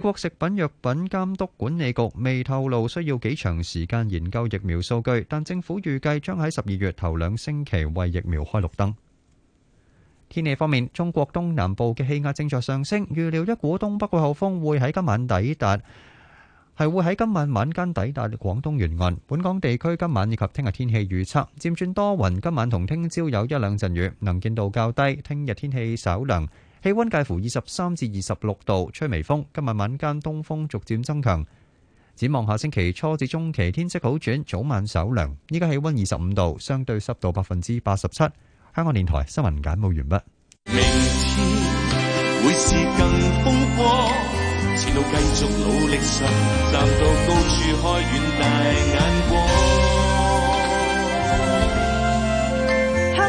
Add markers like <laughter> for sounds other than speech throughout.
中國食品藥品監督管理局未透露需要幾長時間研究疫苗數據，但政府預計將喺十二月頭兩星期為疫苗開綠燈。天氣方面，中國東南部嘅氣壓正在上升，預料一股東北季候風會喺今晚抵達，係會喺今晚晚間抵達廣東沿岸。本港地區今晚以及聽日天氣預測，漸轉多雲，今晚同聽朝有一兩陣雨，能見度較低，聽日天氣稍涼。氣溫介乎二十三至二十六度，吹微風。今日晚間東風逐漸增強，展望下星期初至中期天色好轉，早晚稍涼。依家氣溫二十五度，相對濕度百分之八十七。香港電台新聞簡報完畢。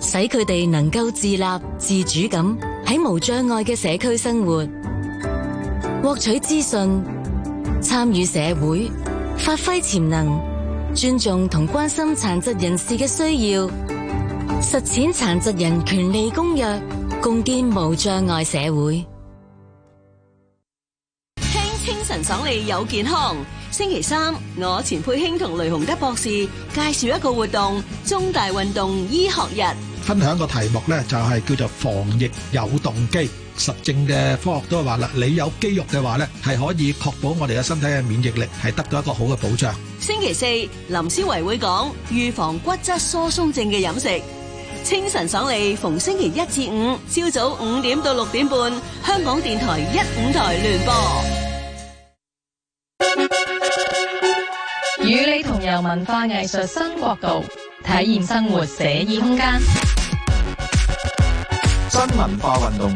使佢哋能夠自立自主，咁喺無障礙嘅社區生活，獲取資訊、參與社會、發揮潛能、尊重同關心殘疾人士嘅需要，實踐殘疾人權利公約，共建無障礙社會。聽清晨爽利有健康。。星期三，我前佩卿同雷洪德博士介紹一個活動——中大運動醫學日。分享個題目呢，就係叫做防疫有動機。實證嘅科學都係話啦，你有肌肉嘅話呢係可以確保我哋嘅身體嘅免疫力係得到一個好嘅保障。星期四，林思維會講預防骨質疏鬆症嘅飲食。清晨爽利，逢星期一至五，朝早五點到六點半，香港電台一五台聯播。由文化藝術新角度體驗生活寫意空間，新文化運動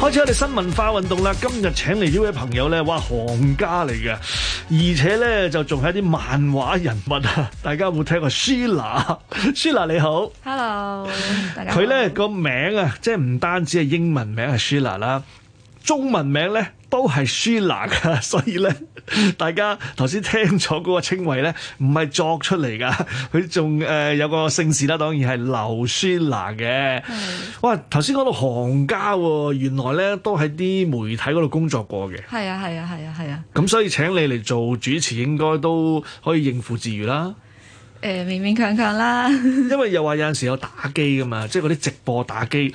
開始，我哋新文化運動啦！今日請嚟呢位朋友咧，哇，行家嚟嘅，而且咧就仲係啲漫畫人物啊！大家有冇聽過 Shila？Shila Sh 你好，Hello，大家好，佢咧個名啊，即係唔單止係英文名係 Shila 啦，Sh illa, 中文名咧？都係舒娜啊，所以咧，大家頭先聽咗嗰個稱謂咧，唔係作出嚟噶，佢仲誒有個姓氏啦，當然係劉舒娜嘅。哇，頭先講到行家喎，原來咧都喺啲媒體嗰度工作過嘅。係啊，係啊，係啊，係啊。咁所以請你嚟做主持，應該都可以應付自如啦。誒勉勉強強啦，因為又話有陣時有打機噶嘛，即係嗰啲直播打機，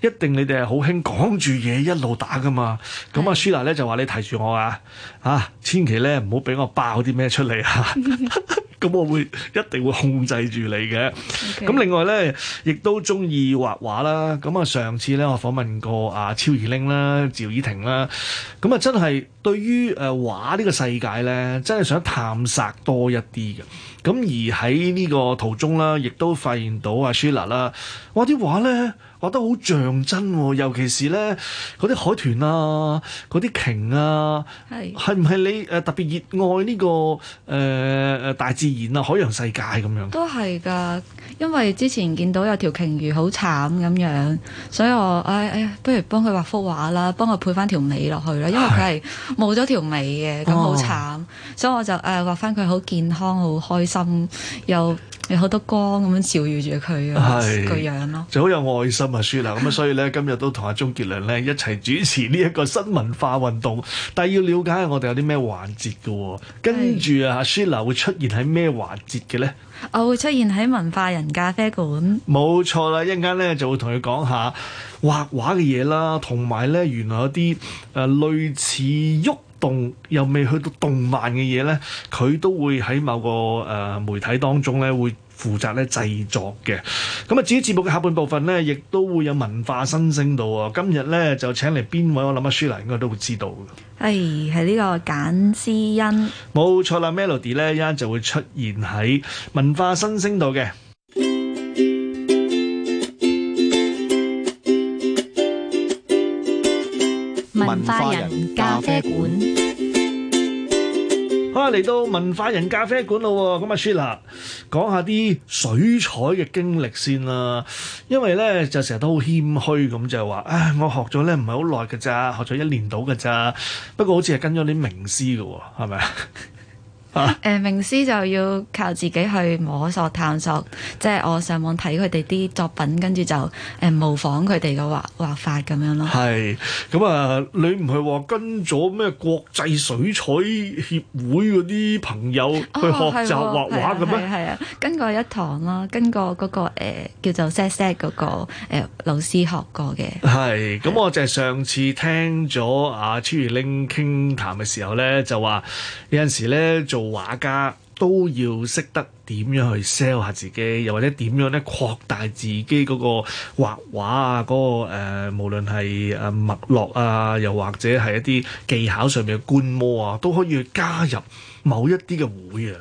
一定你哋係好興講住嘢一路打噶嘛。咁阿舒娜咧就話你提住我啊，啊，千祈咧唔好俾我爆啲咩出嚟啊！ <laughs> 咁我會一定會控制住你嘅。咁 Okay. 另外咧，亦都中意畫畫啦。咁啊，上次咧我訪問過阿、啊、超兒玲啦、趙綺婷啦。咁啊，真係對於誒、呃、畫呢個世界咧，真係想探索多一啲嘅。咁而喺呢個途中啦，亦都發現到阿舒娜啦，哇啲畫咧～畫得好像真喎，哦，尤其是咧嗰啲海豚啊、嗰啲鯨啊，係唔係你誒、呃、特別熱愛呢、呢個誒誒、呃、大自然啊、海洋世界咁樣？都係㗎，因為之前見到有條鯨魚好慘咁樣，所以我誒誒、哎哎，不如幫佢畫幅畫啦，幫佢配翻條尾落去啦，因為佢係冇咗條尾嘅，咁好是慘，哦，所以我就誒、呃、畫翻佢好健康、好開心又。 <laughs> 有好多光咁樣照耀住佢嘅個樣咯，就好有愛心啊，舒娜咁啊！所以咧，今日都同阿鍾傑良咧一齊主持呢一個新文化運動，但係要了解下我哋有啲咩環節嘅？跟住啊，舒娜是會出現喺咩環節嘅咧？我會出現喺文化人咖啡館，冇錯啦！一陣間咧就會同佢講下畫畫嘅嘢啦，同埋咧原來有啲誒類似喐。動又未去到動漫嘅嘢咧，佢都會喺某個誒、呃、媒體當中咧，會負責咧製作嘅。咁啊，至於節目嘅下半部分咧，亦都會有文化新星道啊、哦。今日咧就請嚟邊位？我諗阿舒娜應該都會知道嘅。誒、哎，係呢個簡思恩，冇錯啦。Melody 咧一陣就會出現喺文化新星道嘅。文化人咖啡館，好啊！嚟到文化人咖啡館咯，咁阿 Shirley 講下啲水彩嘅經歷先啦。因為咧就成日都好謙虛咁，就話、就是、唉，我學咗咧唔係好耐㗎咋，學咗一年到㗎咋。不過好似係跟咗啲名師嘅，係咪啊？誒，啊、名師就要靠自己去摸索探索，即、就、係、是、我上網睇佢哋啲作品，跟住就誒模仿佢哋嘅畫畫法咁樣咯。係，咁啊，你唔係話跟咗咩國際水彩協會嗰啲朋友去學習畫畫咁咩？係、哦、啊、啊、啊、啊、啊，跟過一堂啦，跟過嗰、那個誒、呃、叫做 set set 嗰個誒、呃、老師學過嘅。係是，咁、啊、我就係上次聽咗阿崔如玲傾談嘅時候咧，就話有陣時咧做。畫家都要識得點樣去 sell 下自己，又或者點樣咧擴大自己嗰個畫畫啊，嗰、那個誒、呃，無論係誒脈絡啊，又或者係一啲技巧上面嘅觀摩啊，都可以去加入某一啲嘅會啊。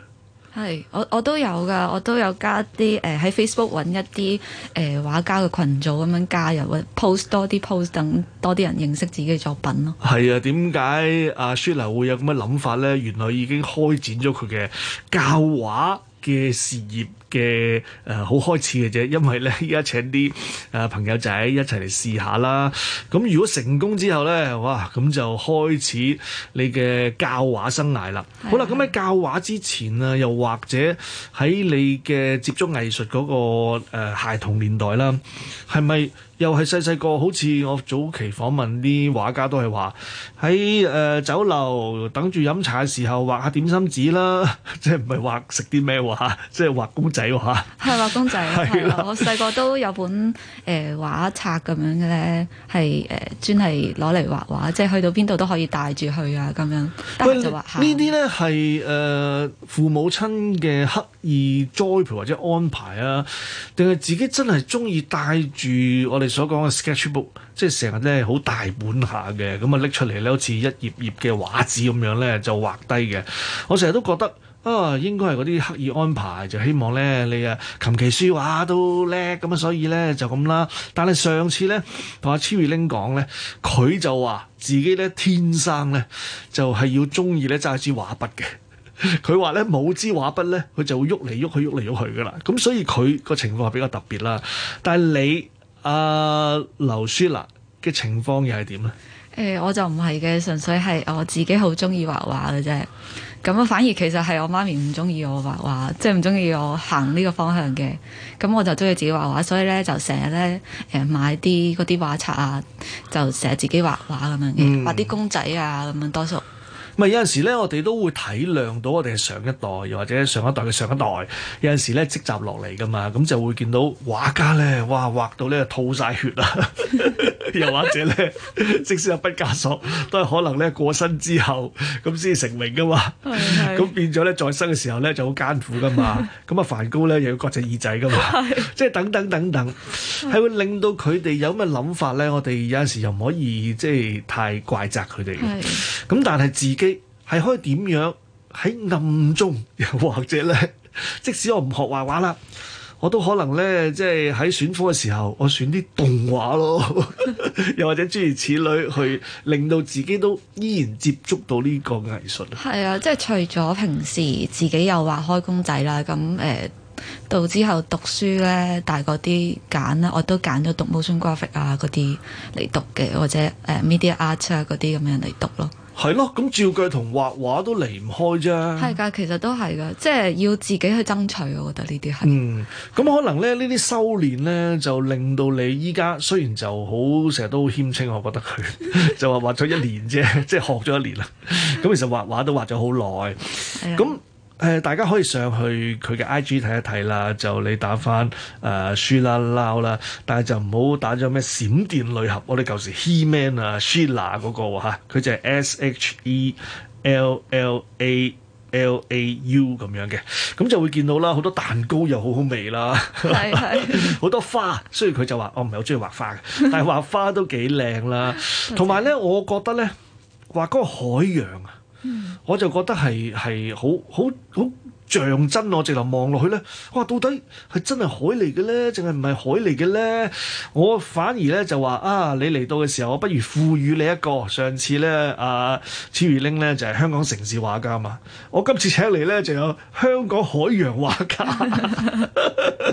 係，我我都有噶，我都有加啲誒喺 Facebook 揾一啲誒、呃呃、畫家嘅群組咁樣加入，或、呃、post 多啲 post 等多啲人認識自己嘅作品咯。係啊，點解阿 Shirley 會有咁嘅諗法咧？原來已經開展咗佢嘅教畫。嘅事業嘅誒好開始嘅啫，因為咧依家請啲誒、呃、朋友仔一齊嚟試下啦。咁如果成功之後咧，哇，咁就開始你嘅教畫生涯啦。的好啦，咁喺教畫之前啊，又或者喺你嘅接觸藝術嗰、那個、呃、孩童年代啦，係咪？又係細細個，好似我早期訪問啲畫家都係話喺誒酒樓等住飲茶嘅時候畫下點心紙啦，即係唔係畫食啲咩喎，即係畫公仔喎嚇。係畫、啊、公仔。係啦、 <laughs> 啊， <laughs> 我細個都有本誒、呃、畫冊咁樣嘅咧，係誒、呃、專係攞嚟畫畫，即係去到邊度都可以帶住去啊咁樣，得是就畫下。呢啲咧係誒父母親嘅黑。以栽培或者安排啊，定係自己真係中意帶住我哋所講嘅 sketchbook，即係成日咧好大本下嘅，咁啊拎出嚟咧好似一頁頁嘅畫紙咁樣咧就畫低嘅。我成日都覺得啊，應該係嗰啲刻意安排，就希望咧你啊琴棋書畫都叻，咁啊所以咧就咁啦。但係上次咧同阿超月 ling 講咧，佢就話自己咧天生咧就係、是、要中意咧揸支畫筆嘅。佢話咧冇支畫筆咧，佢就會喐嚟喐去，動動去，喐嚟喐去噶啦。咁所以佢個情況係比較特別啦。但係你阿、呃、劉舒娜嘅情況又係點咧？誒、欸，我就唔係嘅，純粹係我自己好中意畫畫嘅啫。咁啊，反而其實係我媽咪唔中意我畫畫，即係唔中意我行呢個方向嘅。咁我就中意自己畫畫，所以咧就成日咧誒買啲嗰啲畫冊啊，就成日自己畫畫咁樣嘅，嗯、畫啲公仔啊咁樣多數。咪有陣時咧，我哋都會體諒到我哋係上一代，又或者上一代嘅上一代。有陣時咧積集落嚟噶嘛，咁就會見到畫家咧，哇，畫到咧吐晒血啊！又或者咧，即使有畢加索，都係可能咧過身之後咁先至成名噶嘛。咁變咗咧再生嘅時候咧就好艱苦噶嘛。咁啊梵高咧又要割隻耳仔噶嘛，即係等等等等，係會令到佢哋有咩諗法咧？我哋有陣時又唔可以即係太怪責佢哋嘅。咁但係自己。係可以點樣喺暗中，又或者咧，即使我唔學畫畫啦，我都可能咧，即係喺選科嘅時候，我選啲動畫咯，又或者諸如此類，去令到自己都依然接觸到呢個藝術。係啊，即係除咗平時自己又畫開公仔啦，咁誒、呃、到之後讀書咧，大個啲揀咧，我都揀咗讀 motion graphic 啊嗰啲嚟讀嘅，或者誒、呃、Media Arts 啊嗰啲咁樣嚟讀咯。係咯，咁照句同畫畫都離唔開啫。係㗎，其實都係㗎，即係要自己去爭取。我覺得呢啲係。嗯，咁可能咧呢啲修練咧就令到你依家雖然就好成日都好謙稱，我覺得佢 <laughs> 就話畫咗一年啫， <laughs> 即係學咗一年啦。咁其實畫畫都畫咗好耐。係 <laughs> 咁 <laughs> 誒、呃，大家可以上去佢嘅 IG 睇一睇啦。就你打翻誒 Shella Lau 啦，但係就唔好打咗咩閃電雷俠，我哋舊時 He Man 啊，Shella 嗰個嚇、啊，佢就係 S H E L L A L A U 咁樣嘅，咁就會見到啦，好多蛋糕又好好味啦，好是是 <laughs> 多花。雖然佢就話、哦、我唔係好中意畫花，但係畫花都幾靚啦。同埋咧，我覺得咧，畫個海洋啊。我就覺得係係好好好像真，我直頭望落去咧，哇！到底係真係海嚟嘅咧，定係唔係海嚟嘅咧？我反而咧就話啊，你嚟到嘅時候，我不如賦予你一個上次咧啊，超月玲咧就係、是、香港城市畫家嘛，我今次請嚟咧就有香港海洋畫家，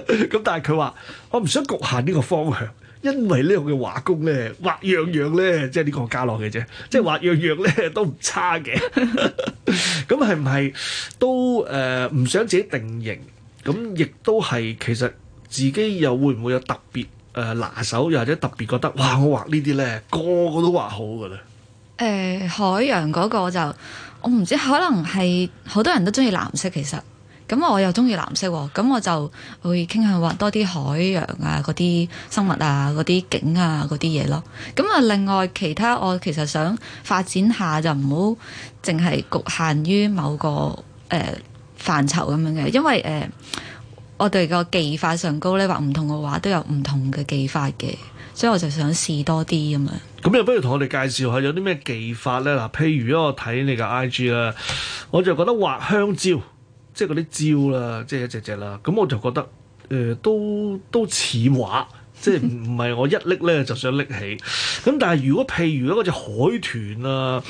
咁 <laughs> 但係佢話我唔想局限呢個方向。因為呢個嘅畫工咧，畫樣樣咧，即係呢個加落嘅啫，即係畫樣樣咧都唔差嘅。咁係唔係都誒唔、呃、想自己定型？咁亦都係其實自己又會唔會有特別誒拿手，又或者特別覺得哇，我畫呢啲咧個個都畫好㗎喇？誒、呃、海洋嗰個就我唔知，可能係好多人都中意藍色，其實。咁我又中意藍色，咁我就會傾向畫多啲海洋啊，嗰啲生物啊，嗰啲景啊，嗰啲嘢咯。咁啊，另外其他我其實想發展下，就唔好淨係局限於某個誒、呃、範疇咁樣嘅，因為誒、呃、我哋個技法上高咧畫唔同嘅畫都有唔同嘅技法嘅，所以我就想試多啲咁樣。咁又不如同我哋介紹下有啲咩技法呢？嗱、呃，譬如，如我睇你嘅 IG 啦，我就覺得畫香蕉。即係嗰啲礁啦，即係一隻隻啦。咁我就覺得誒、呃，都都似畫，即係唔係我一拎咧就想拎起。咁但係如果譬如嗰隻海豚啊，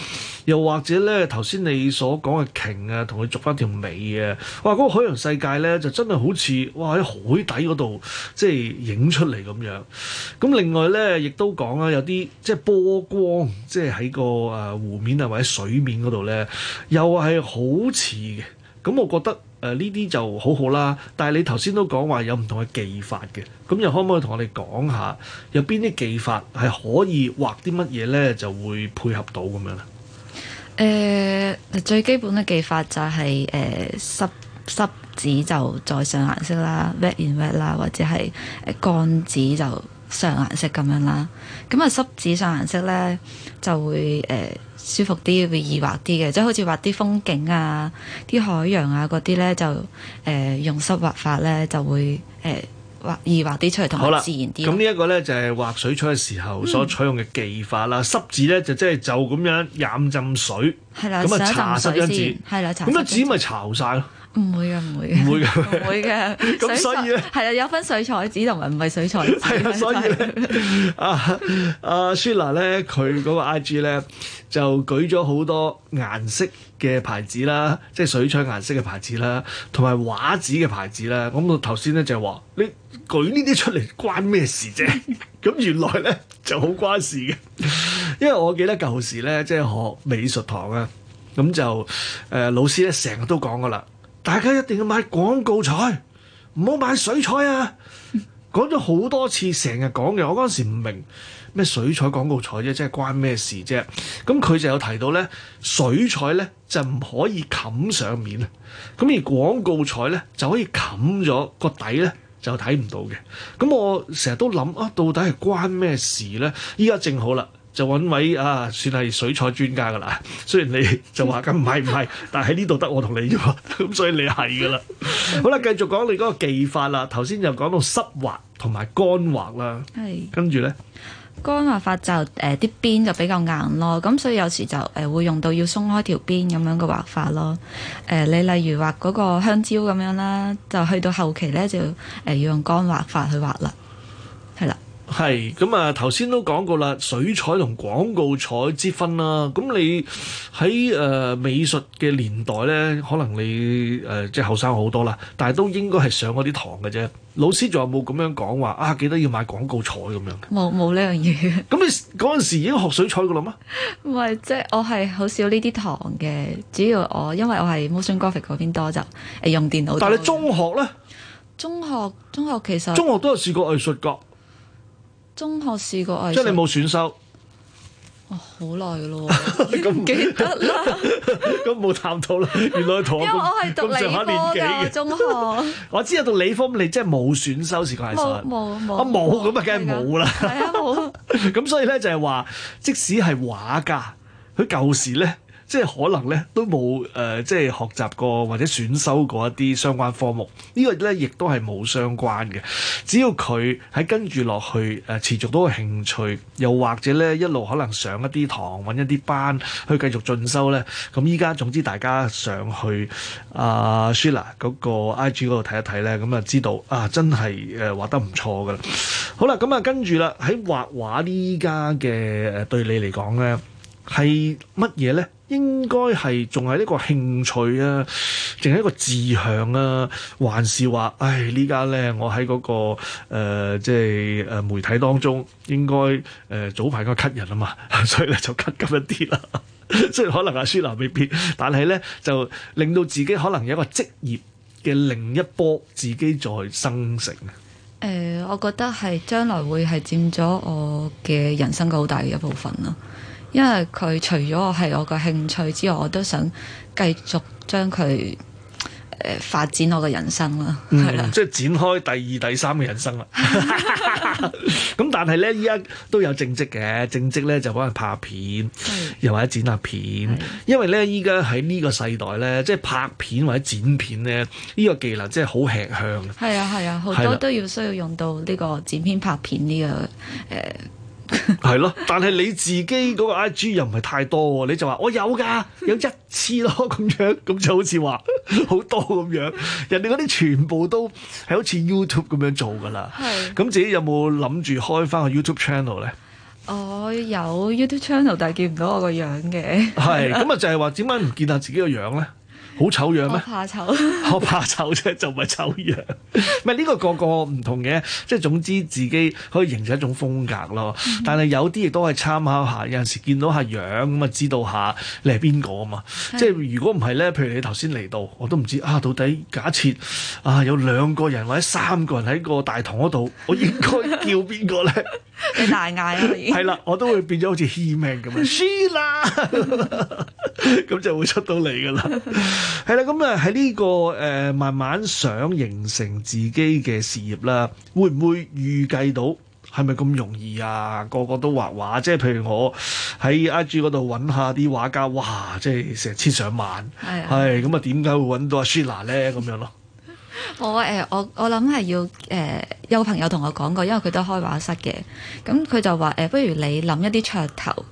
又或者咧頭先你所講嘅鯨啊，同佢續翻條尾啊，哇！嗰、嗰個海洋世界咧就真係好似哇喺海底嗰度即係影出嚟咁樣。咁另外咧亦都講啦，有啲即係波光，即係喺個誒湖面啊或者水面嗰度咧，又係好似嘅。咁、嗯、我覺得誒呢啲就好好啦，但係你頭先都講話有唔同嘅技法嘅，咁又可唔可以同我哋講下有邊啲技法係可以畫啲乜嘢咧，就會配合到咁樣咧？誒、呃、最基本嘅技法就係、是、誒、呃、濕濕紙就再上顏色啦，wet <noise> in wet 啦，或者係誒乾紙就上顏色咁樣啦。咁啊濕紙上顏色咧就會誒。呃舒服啲會易畫啲嘅，即係好似畫啲風景啊、啲海洋啊嗰啲咧，就誒、呃、用濕畫法咧就會誒畫、呃、易畫啲出嚟，同埋自然啲。咁呢一個咧就係、是、畫水彩嘅時候所採用嘅技法啦。嗯、濕紙咧就即、是、係就咁樣飲浸水，係啦的，咁啊擦濕紙，係啦，擦咁啲紙咪巢晒咯。唔會嘅，唔會嘅，唔會嘅，唔會嘅。咁 <laughs> 所以咧，係啊，有分水彩紙同埋唔係水彩紙、 <laughs> 啊。所以呢 <laughs> 啊啊阿 Suna 咧，佢嗰個 I G 咧就舉咗好多顏色嘅牌子啦，即係水彩顏色嘅牌子啦，同埋畫紙嘅牌子啦。咁我頭先咧就話你舉呢啲出嚟關咩事啫？咁 <laughs> 原來咧就好關事嘅， <laughs> 因為我記得舊時咧即係學美術堂啊，咁就誒、呃、老師咧成日都講噶啦。大家一定要買廣告彩，唔好買水彩啊！講咗好多次，成日講嘅，我嗰陣時唔明咩水彩廣告彩啫，即係關咩事啫？咁佢就有提到咧，水彩咧就唔可以冚上面啦，咁而廣告彩咧就可以冚咗個底咧，就睇唔到嘅。咁我成日都諗啊，到底係關咩事咧？依家正好啦。就揾位啊，算係水彩專家噶啦。雖然你就話緊唔係、唔係，但喺呢度得我同你啫嘛，咁所以你係噶啦。 <laughs> 好啦，繼續講你嗰個技法啦。頭先就講到濕畫同埋幹畫啦，跟住咧幹畫法就誒、是、啲、呃、邊就比較硬咯，咁所以有時就誒、呃、會用到要鬆開條邊咁樣嘅畫法咯。誒、呃，你例如畫嗰個香蕉咁樣啦，就去到後期咧就誒要、呃、用幹畫法去畫啦。係咁啊！頭先、嗯、都講過啦，水彩同廣告彩之分啦、啊。咁、嗯、你喺誒、呃、美術嘅年代咧，可能你誒、呃、即係後生好多啦，但係都應該係上嗰啲堂嘅啫。老師仲有冇咁樣講話啊？記得要買廣告彩咁樣嘅，冇冇呢樣嘢。咁你嗰陣時已經學水彩嘅啦咩？唔係， <laughs> 即係我係好少呢啲堂嘅，主要我因為我係 motion graphic 嗰邊多就誒用電腦。但係你中學咧？中學中學其實中學都有試過藝術㗎。中學試過藝術，即係你冇選修，哇、 <laughs> 啊，好耐嘅咯，唔記得啦，咁冇探討啦，原來同我我係讀理科嘅中學， <laughs> 我知道讀理科你即係冇選修試過藝術，冇冇啊冇，咁啊梗係冇啦，冇，咁 <laughs> <laughs> 所以咧就係、是、話，即使係畫家，佢舊時咧。即係可能咧都冇誒、呃，即係學習過或者選修過一啲相關科目，這個、呢個咧亦都係冇相關嘅。只要佢喺跟住落去誒、呃，持續到興趣，又或者咧一路可能上一啲堂，揾一啲班去繼續進修咧。咁依家總之大家上去阿、呃、舒娜嗰個 IG 嗰度睇一睇咧，咁、嗯、啊知道啊真係誒、呃、畫得唔錯㗎喇。好啦，咁、嗯、啊跟住啦，喺畫畫呢家嘅對你嚟講咧。係乜嘢咧？應該係仲係一個興趣啊，淨係一個志向啊，還是話唉？呢家咧，我喺嗰、那個誒、呃，即係誒、呃、媒體當中，應該誒、呃、早排嗰個 cut 人啊嘛，所以咧就 cut 咁一啲啦。雖然可能阿舒娜未必，但係咧就令到自己可能有一個職業嘅另一波自己再生成啊。誒、呃，我覺得係將來會係佔咗我嘅人生嘅好大嘅一部分啦。因為佢除咗我係我個興趣之外，我都想繼續將佢誒、呃、發展我嘅人生啦，係啦、嗯，即係展開第二、第三嘅人生啦。咁、 <laughs> <laughs> 嗯、但係咧，依家都有正職嘅，正職咧就可、是、能拍片，的又或者剪下片。的因為咧，依家喺呢個世代咧，即係拍片或者剪片咧，呢、這個技能即係好吃香。係啊係啊，好多都要需要用到呢個剪片拍片呢、這個誒。呃係咯， <laughs> 但係你自己嗰個 IG 又唔係太多喎，你就話我有噶，有一次咯咁樣，咁就好似話 <laughs> 好多咁樣。人哋嗰啲全部都係好似 YouTube 咁樣做噶啦。係是，咁自己有冇諗住開翻個 YouTube channel 咧？我有 YouTube channel，但係見唔到我個樣嘅。 <laughs> 係，咁啊就係話點解唔見下自己個樣咧？好醜樣咩？我怕醜， <laughs> 我怕醜啫，就唔係醜樣。唔係呢個個個唔同嘅，即係總之自己可以形成一種風格咯。 <laughs> 但係有啲亦都係參考下，有陣時見到下樣咁啊，知道下你係邊個啊嘛。是即係如果唔係咧，譬如你頭先嚟到，我都唔知啊。到底假設啊，有兩個人或者三個人喺個大堂嗰度，我應該叫邊個咧？ <laughs> <laughs> 你大嗌啊！係啦， <laughs> 我都會變咗好似 He-Man 咁樣，輸啦，咁就會出到嚟㗎啦。 <laughs> 係啦，咁啊喺呢個誒、呃、慢慢想形成自己嘅事業啦，會唔會預計到係咪咁容易啊？個個都畫畫，即係譬如我喺 I G 嗰度揾下啲畫家，哇，即係成千上萬，係咁啊？點解會揾到阿 Shirna 咧？咁樣咯。好誒，我我諗係要誒、呃、有朋友同我講過，因為佢都開畫室嘅，咁佢就話誒、呃，不如你諗一啲噱頭。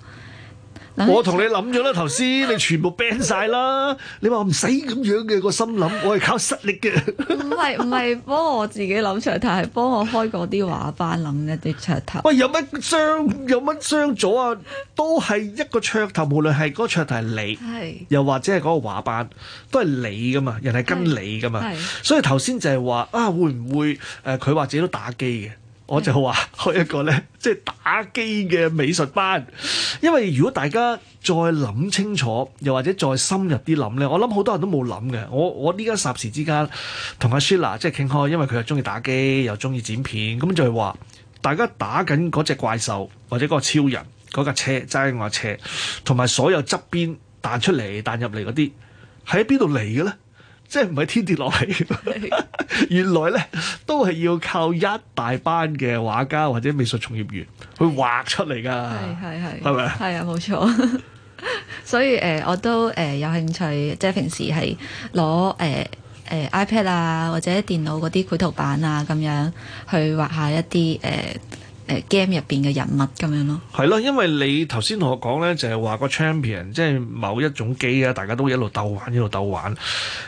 <noise> 我同你諗咗啦，頭先你全部 ban 晒啦，你話唔使咁樣嘅，我心諗我係靠實力嘅。唔係唔係，幫我自己諗噱頭，係幫我開嗰啲畫班諗一啲噱頭。喂，有乜傷有乜傷咗啊？都係一個噱頭，無論係嗰噱頭係你， <laughs> 又或者係嗰個畫班，都係你噶嘛，人係跟你噶嘛， <laughs> 是 所以頭先就係話啊，會唔會誒佢、呃、話自己都打機嘅？fuck 我就話開一個咧，即係打機嘅美術班，因為如果大家再諗清楚，又或者再深入啲諗咧，我諗好多人都冇諗嘅。我我呢家霎時之間同阿舒娜即係傾開，因為佢又中意打機，又中意剪片，咁就係話大家打緊嗰隻怪獸或者嗰個超人嗰架車，揸緊我架車，同埋所有側邊彈出嚟、彈入嚟嗰啲，喺邊度嚟嘅咧？即係唔係天跌落嚟？原來咧都係要靠一大班嘅畫家或者美術從業員去畫出嚟噶。係係係，係咪啊？係啊，冇錯。 <laughs> 所以誒、呃，我都誒、呃、有興趣，即係平時係攞誒誒 iPad 啊，或者電腦嗰啲繪圖板啊，咁樣去畫一下一啲誒。呃誒 game 入邊嘅人物咁樣咯，係咯， <noise> 因為你頭先同我講咧，就係話個 champion 即係某一種機啊，大家都一路鬥玩一路鬥玩。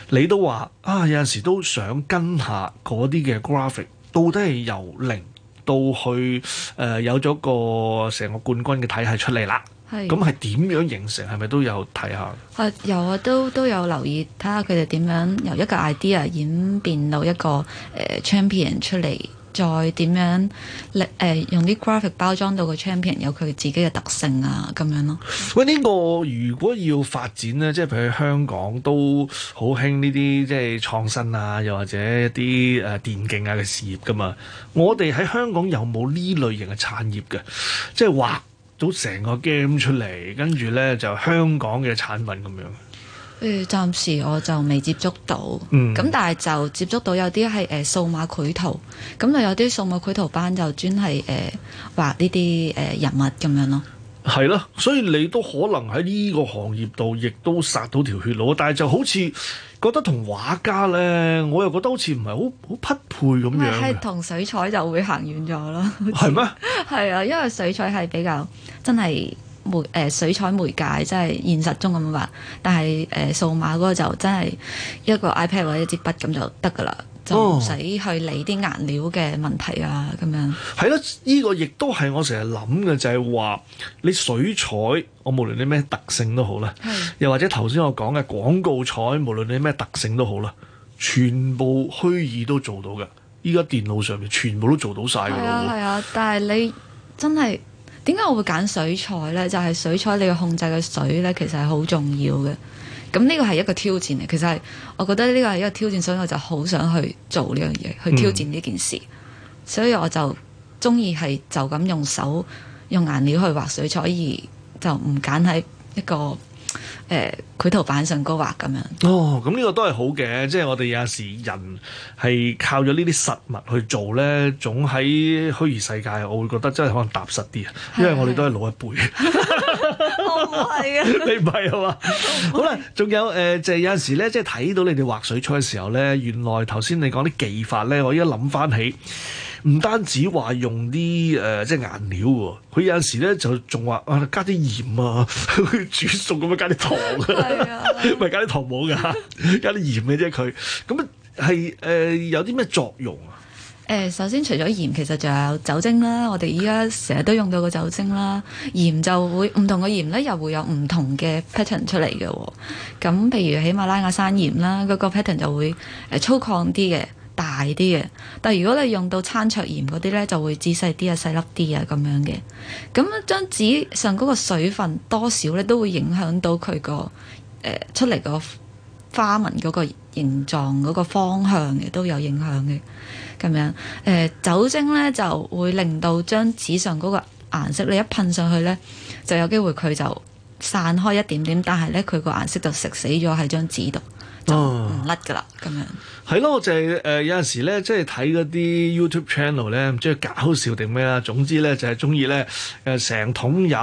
你都話啊，有陣時都想跟下嗰啲嘅 graphic，到底係由零到去誒、呃、有咗個成個冠軍嘅體系出嚟啦。係，咁係點樣形成？係咪都有睇下？啊、呃，有啊，都都有留意睇下佢哋點樣由一個 idea 演變到一個誒、呃、champion 出嚟。再點樣力誒、呃、用啲 graphic 包裝到個 champion 有佢自己嘅特性啊，咁樣咯。喂，呢個如果要發展咧，即係譬如香港都好興呢啲即係創新啊，又或者一啲誒電競啊嘅事業噶嘛。我哋喺香港有冇呢類型嘅產業嘅？即係畫到成個 game 出嚟，跟住咧就香港嘅產品咁樣。誒，暫時我就未接觸到，咁、嗯、但係就接觸到有啲係誒數碼繪圖，咁就有啲數碼繪圖班就專係誒、呃、畫呢啲誒人物咁樣咯。係咯、啊，所以你都可能喺呢個行業度，亦都殺到條血路。但係就好似覺得同畫家咧，我又覺得好似唔係好好匹配咁樣。係同水彩就會行遠咗咯。係咩？係嗎 <laughs> 啊，因為水彩係比較真係。媒誒，水彩媒介真係現實中咁樣畫，但係誒、呃、數碼嗰個就真係一個 iPad 或者一支筆咁就得噶啦，哦、就唔使去理啲顏料嘅問題啊咁樣。係咯，呢個亦都係我成日諗嘅，就係話你水彩，我無論你咩特性都好啦，係，又或者頭先我講嘅廣告彩，無論你咩特性都好啦，全部虛擬都做到嘅，依家電腦上面全部都做到晒嘅。係啊，係啊，但係你真係。點解我會揀水彩呢？就係、是、水彩你要控制嘅水呢，其實係好重要嘅。咁呢個係一個挑戰嚟，其實係我覺得呢個係一個挑戰，所以我就好想去做呢樣嘢，去挑戰呢件事。嗯、所以我就中意係就咁用手用顏料去畫水彩，而就唔揀喺一個。誒，繪圖板上高畫咁樣哦，咁、這、呢個都係好嘅，即係我哋有陣時人係靠咗呢啲實物去做咧，總喺虛擬世界，我會覺得真係可能踏實啲啊，是的 因為我哋都係老一輩、啊， <laughs> 我唔係啊，你唔係啊嘛，好啦，仲有誒，就係有陣時咧，即係睇到你哋畫水彩嘅時候咧，原來頭先你講啲技法咧，我依家諗翻起。唔單止話用啲誒、呃、即係顏料喎，佢有陣時咧就仲話啊加啲鹽啊，煮餸咁樣加啲糖啊， <laughs> 啊 <laughs> 唔係加啲糖冇㗎， <laughs> 加啲鹽嘅啫佢。咁係誒有啲咩作用啊？誒、呃、首先除咗鹽，其實仲有酒精啦。我哋依家成日都用到個酒精啦。鹽就會唔同嘅鹽咧，又會有唔同嘅 pattern 出嚟嘅、哦。咁譬如喜馬拉雅山鹽啦，嗰、那個 pattern 就會誒、呃、粗礦啲嘅。大啲嘅，但係如果你用到餐桌鹽嗰啲呢，就會仔細細啲啊、細粒啲啊咁樣嘅。咁將紙上嗰個水分多少呢，都會影響到佢個、呃、出嚟個花紋嗰個形狀嗰、嗰個方向嘅，都有影響嘅。咁樣、呃、酒精呢，就會令到將紙上嗰個顏色，你一噴上去呢，就有機會佢就散開一點點，但係呢，佢個顏色就食死咗喺張紙度，就唔甩噶啦咁樣。係咯，就係、是、誒有陣時咧，即係睇嗰啲 YouTube channel 咧，唔知係搞笑定咩啦？總之咧，就係中意咧誒成桶油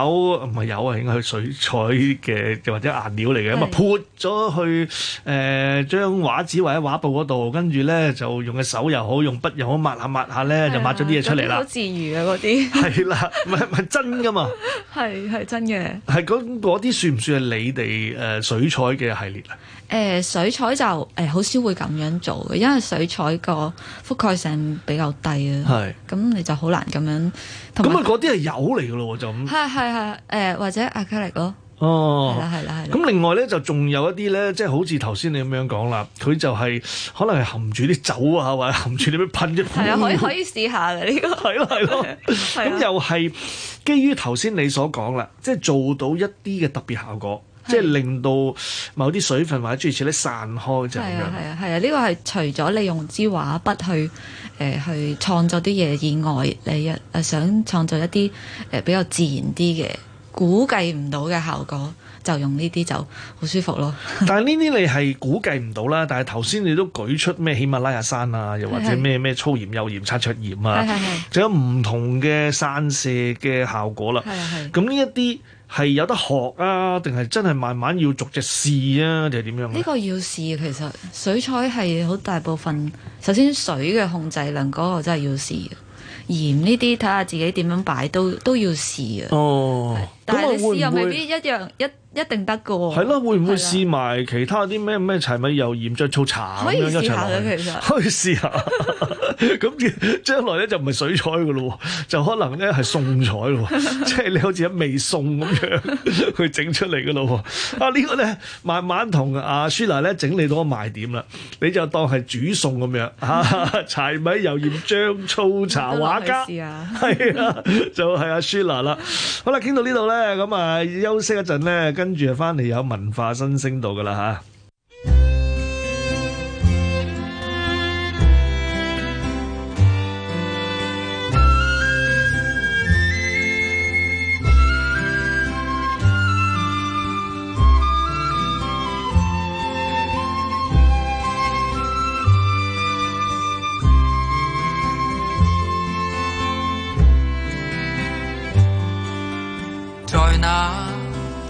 唔係油啊，應該係水彩嘅，又或者顏料嚟嘅咁啊，潑咗對 去誒將、呃、畫紙或者畫布嗰度，跟住咧就用嘅手又好，用筆又好，抹下抹下咧就抹咗啲嘢出嚟啦。好自娛啊嗰啲。係啦，唔係唔係真㗎嘛？係係真嘅。係嗰啲算唔算係你哋誒水彩嘅系列啊？誒、呃、水彩就誒、呃、好少會咁樣做。因為水彩個覆蓋性比較低啊，咁你就好難咁樣。咁啊，嗰啲係油嚟噶咯，就咁。係係係，誒或者 acrylic 咯。哦，係啦係啦係。咁、啊啊、另外咧就仲有一啲咧，即係好似頭先你咁樣講啦，佢就係、是、可能係含住啲酒啊，或者含住啲咩噴嘅。係啊，可以可以試下嘅呢、這個、 <laughs> 啊，係咯係咯。咁、 <laughs> <laughs> 啊、 <laughs> <laughs> 又係基於頭先你所講啦，即、就、係、是、做到一啲嘅特別效果。即係令到某啲水分或者諸如此類散開，就係啊係啊係啊！呢個係除咗你用支畫筆去誒、呃、去創作啲嘢以外，你又誒想創造一啲誒比較自然啲嘅估計唔到嘅效果，就用呢啲就好舒服咯。 <laughs> 但係呢啲你係估計唔到啦。但係頭先你都舉出咩喜馬拉雅山啊，又或者咩咩是粗鹽幼鹽擦出鹽啊，仲有唔同嘅散射嘅效果啦。係啊係。咁呢一啲。係有得學啊？定係真係慢慢要逐隻試啊？定係點樣呢？呢個要試。其實水彩係好大部分。首先水嘅控制能力嗰個真係要試。鹽呢啲睇下自己點樣擺都都要試啊。哦。但係你試又未必會會一,一樣一一定得嘅喎？係咯、啊，會唔會、啊、試埋其他啲咩咩柴米油鹽醬醋，醋茶可以試下，下其實。可以試下。 <laughs> <laughs> 咁嘅將來咧就唔係水彩嘅咯，就可能咧係餸彩咯，即、就、係、是、你好似一味餸咁樣去整出嚟嘅咯。啊，這個、呢個咧慢慢同阿舒 h u n a 咧整理到個賣點啦，你就當係煮餸咁樣，柴米油鹽醬醋茶畫家，係 <laughs> 啊，就係阿舒 h u n a 啦。好啦，傾到呢度咧，咁啊休息一陣咧，跟住翻嚟有文化新聲度嘅啦嚇。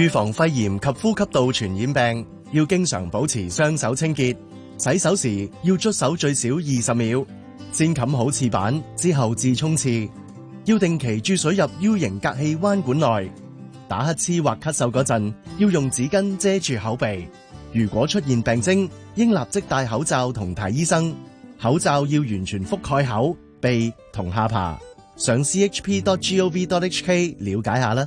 預防肺炎及呼吸道傳染病，要經常保持雙手清潔。洗手時要捽手最少二十秒，先冚好廁板之後至沖廁。要定期注水入 U 型隔氣彎管內。打乞嗤或咳嗽嗰陣，要用紙巾遮住口鼻。如果出現病徵，應立即戴口罩同睇醫生。口罩要完全覆蓋口鼻同下巴。上 c h p g o v d h k 了解下啦。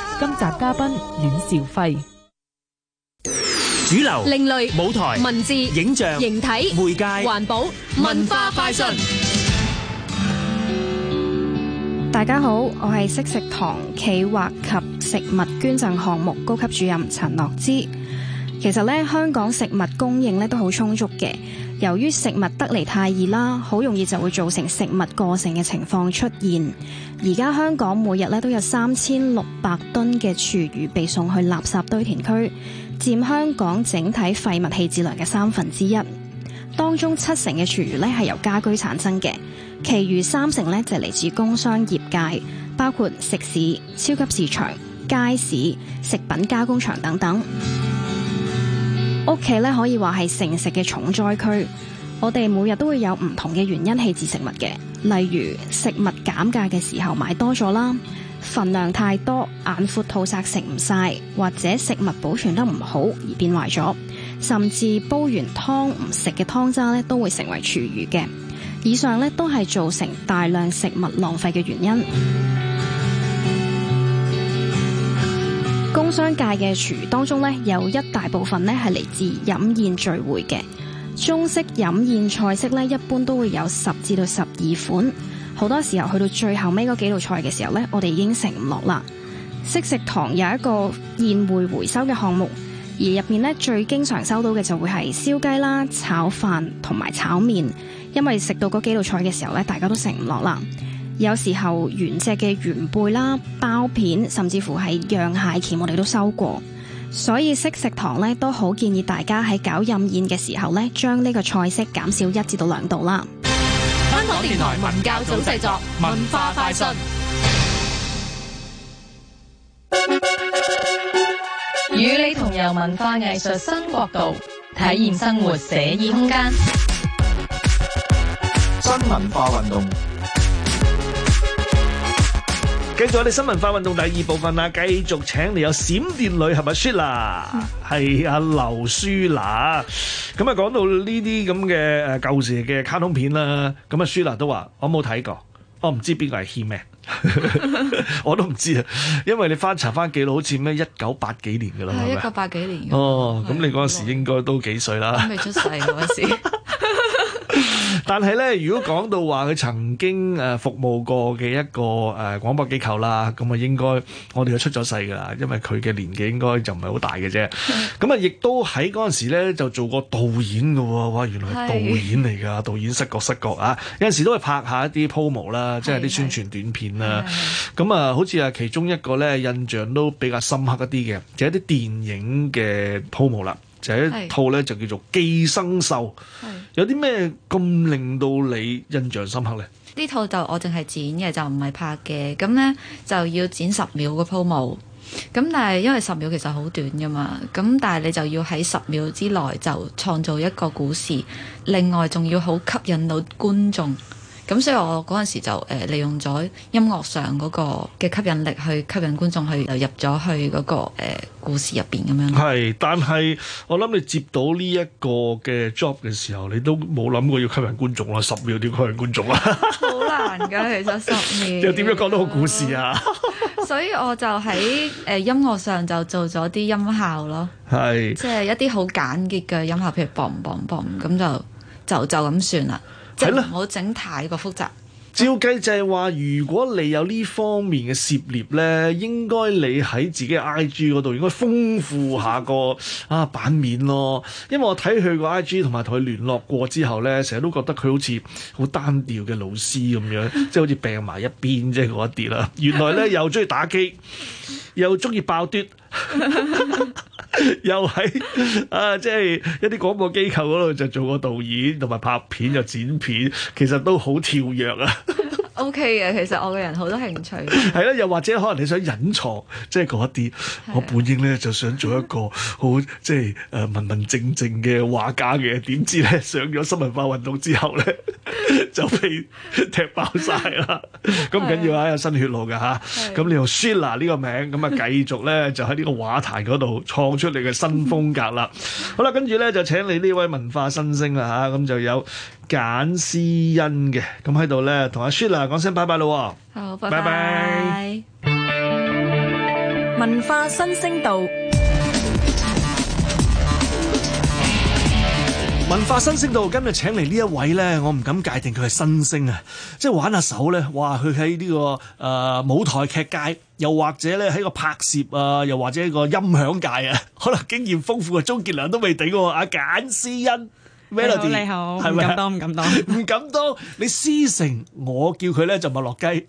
今集嘉賓：阮兆輝。主流、另類、舞台、文字、影像、形體、媒介、環保、文化、快訊。大家好，我係惜食堂企劃及食物捐贈項目高級主任陳樂之。其實咧，香港食物供應咧都好充足嘅。由於食物得嚟太易啦，好容易就會造成食物過剩嘅情況出現。而家香港每日咧都有三千六百噸嘅廚餘被送去垃圾堆填區，佔香港整體廢物棄置量嘅三分之一。當中七成嘅廚餘咧係由家居產生嘅，其餘三成咧就嚟自工商業界，包括食肆、超級市場、街市、食品加工場等等。屋企咧可以話係剩食嘅重災區，我哋每日都會有唔同嘅原因棄置食物嘅，例如食物減價嘅時候買多咗啦，份量太多，眼闊肚窄食唔晒，或者食物保存得唔好而變壞咗，甚至煲完湯唔食嘅湯渣呢都會成為廚餘嘅。以上呢都係造成大量食物浪費嘅原因。工商界嘅廚餘當中咧，有一大部分咧係嚟自飲宴聚會嘅。中式飲宴菜式咧，一般都會有十至到十二款。好多時候去到最後尾嗰幾道菜嘅時候呢，我哋已經食唔落啦。惜食堂有一個宴會回、回收嘅項目，而入面咧最經常收到嘅就會係燒雞啦、炒飯同埋炒麵，因為食到嗰幾道菜嘅時候呢，大家都食唔落啦。有時候原隻嘅原貝啦、包片，甚至乎係釀蟹鉗，我哋都收過。所以識食堂咧，都好建議大家喺搞飲宴嘅時候咧，將呢個菜式減少一至到兩度啦。香港電台文教組製作，文化快訊，與你同遊文化藝術新國度，體驗生活寫意空間，新文化運動。繼續我哋新文化運動第二部分啊，繼續請你。有閃電女係咪舒娜？係啊，劉舒娜。咁啊，講到呢啲咁嘅誒舊時嘅卡通片啦、啊，咁阿舒娜都話我冇睇過，我唔知邊個係 He Man、 <laughs> <laughs> <laughs> 我都唔知啊。因為你翻查翻記錄，好似咩是吧一九八幾年噶啦，一九八幾年。哦，咁你嗰陣時應該都幾歲啦？未出世嗰陣時。 <laughs> 但係咧，如果講到話佢曾經誒、呃、服務過嘅一個誒、呃、廣播機構啦，咁啊應該我哋就出咗世㗎啦，因為佢嘅年紀應該就唔係好大嘅啫。咁啊， <laughs> 亦都喺嗰陣時咧就做過導演嘅喎、哦，哇！原來係導演嚟㗎， <laughs> 導演失覺失覺啊！有陣時都會拍一下一啲 promo 啦，即係啲宣傳短片啦。咁啊，好似啊其中一個咧印象都比較深刻一啲嘅，就係、是、啲電影嘅 promo 啦。呢一套咧就叫做寄生獸，有啲咩咁令到你印象深刻咧？呢套就我淨係剪嘅，就唔係拍嘅。咁咧就要剪十秒嘅鋪幕，咁但係因為十秒其實好短噶嘛，咁但係你就要喺十秒之內就創造一個故事，另外仲要好吸引到觀眾。咁所以我嗰陣時就誒利用咗音樂上嗰個嘅吸引力去吸引觀眾去入咗去嗰個故事入邊咁樣。係，但係我諗你接到呢一個嘅 job 嘅時候，你都冇諗過要吸引觀眾啦，十秒點吸引觀眾啦。好難㗎，其實十秒。 <laughs> <laughs> 又點樣講到好故事啊？ <laughs> 所以我就喺誒音樂上就做咗啲音效咯。係。即係一啲好簡潔嘅音效，譬如 boom boom boom，咁就就就咁算啦。唔好整太過複雜。嗯、照計就係話，如果你有呢方面嘅涉獵呢，應該你喺自己 I G 嗰度應該豐富下個啊版面咯。因為我睇佢個 I G 同埋同佢聯絡過之後呢，成日都覺得佢好似好單調嘅老師咁樣，即係 <laughs> 好似病埋一邊啫嗰一啲啦。原來呢，又中意打機，又中意爆短。 <laughs> 又喺，啊！即係一啲廣播機構嗰度就做過導演，同埋拍片又剪片，其實都好跳躍啊！ <laughs> O K 嘅，其實我個人好多興趣。係啦，又或者可能你想隱藏，即係嗰一啲，的我本應咧就想做一個好即係誒文文靜靜嘅畫家嘅，點知咧上咗新文化運動之後咧， <laughs> 就被踢爆晒啦。咁唔緊要啊，的有新血路嘅嚇、啊。咁的你用 s h i r a 呢個名，咁啊繼續咧就喺呢個畫壇嗰度創出你嘅新風格啦。 <laughs> 好啦，跟住咧就請你呢位文化新星啦嚇，咁就有。簡思恩嘅，咁喺度咧，同阿 Shirley 講聲拜拜啦。好，拜拜。文化新星道，文化新星道，今日請嚟呢一位咧，我唔敢界定佢係新星啊！即係玩下手咧，哇！佢喺呢個誒舞台劇界，又或者咧喺個拍攝啊，又或者個音響界啊，可能經驗豐富嘅，鍾傑良都未頂。阿簡思恩。Mel ody, 你好，你好，唔敢當，唔敢當，唔 <laughs> 敢當。你師承我叫佢咧就咪落雞，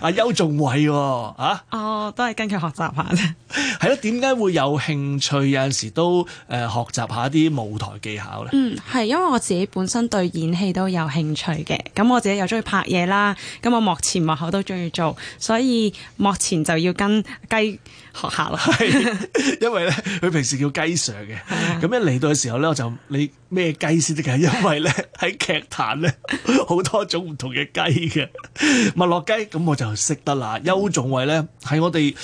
阿、 <laughs> 啊、邱仲偉喎、哦，啊、哦，都係跟佢學習下咧。係咯，點解會有興趣？有陣時都誒學習下啲舞台技巧咧。嗯，係因為我自己本身對演戲都有興趣嘅，咁我自己又中意拍嘢啦，咁我幕前幕後都中意做，所以幕前就要跟雞。學校啦 <laughs> <laughs> 因為咧佢平時叫雞 sir 嘅，咁一嚟到嘅時候咧，的的我就你咩雞先得嘅？因為咧喺劇壇咧，好多種唔同嘅雞嘅，麥樂雞咁我就識得啦。邱仲偉咧喺我哋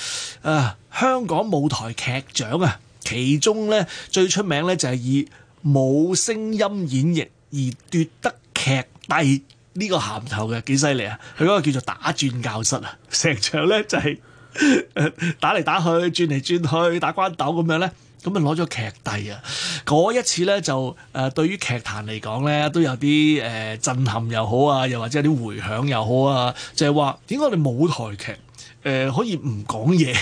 啊、呃、香港舞台劇獎啊，其中咧最出名咧就係以冇聲音演繹而奪得劇帝。呢個銜頭嘅，幾犀利啊！佢嗰個叫做打轉教室啊，成場咧就係、是。 <laughs> 打嚟打去，轉嚟轉去，打關斗咁樣咧，咁啊攞咗劇帝啊！嗰一次咧就誒、呃，對於劇壇嚟講咧，都有啲誒、呃、震撼又好啊，又或者啲回響又好啊，就係話點解我哋舞台劇誒、呃、可以唔講嘢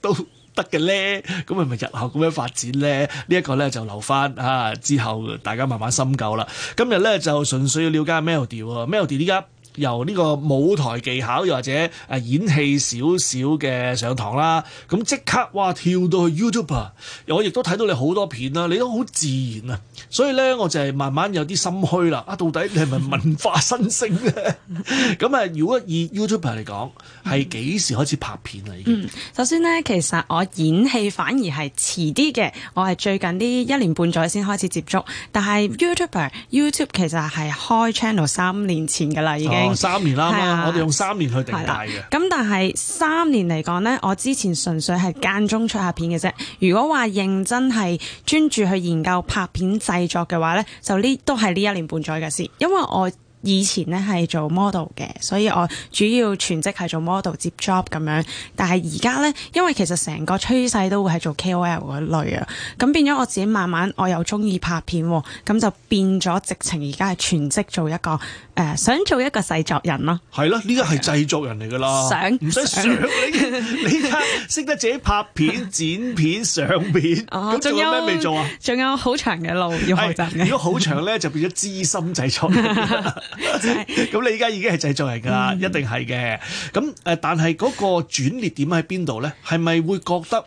都得嘅咧？咁係咪日後咁樣發展咧？這個、呢一個咧就留翻吓、啊、之後大家慢慢深究啦。今日咧就純粹要了解 Melody 啊，Melody 呢家。由呢個舞台技巧，又或者誒演戲少少嘅上堂啦，咁即刻話跳到去 YouTube，我亦都睇到你好多片啦，你都好自然啊，所以咧我就係慢慢有啲心虛啦。啊，到底你係咪文化新星咧？咁 <laughs> 啊，如果以 YouTube 嚟講，係幾時開始拍片啊？已經、嗯、首先呢，其實我演戲反而係遲啲嘅，我係最近啲一年半載先開始接觸，但係 you、嗯、YouTube，YouTube 其實係開 channel 三年前㗎喇已經。用、哦、三年啦嘛，啊、我哋用三年去定價嘅。咁、啊、但係三年嚟講呢，我之前純粹係間中出下片嘅啫。如果話認真係專注去研究拍片製作嘅話咧，就呢都係呢一年半載嘅事。因為我以前咧係做 model 嘅，所以我主要全職係做 model 接 job 咁樣。但係而家咧，因為其實成個趨勢都會係做 KOL 嗰類啊，咁變咗我自己慢慢我又中意拍片，咁就變咗直情而家係全職做一個誒、呃，想做一個製作人咯。係咯，呢個係製作人嚟㗎啦，想唔想，想你依家識得自己拍片、 <laughs> 剪片、上片，咁仲、哦、有咩未做啊？仲有好長嘅路要學習嘅。如果好長咧，就變咗資深製作。 <laughs> 咁 <laughs> 你而家已經係製作人噶，嗯、一定係嘅。咁誒，但係嗰個轉捩點喺邊度咧？係咪會覺得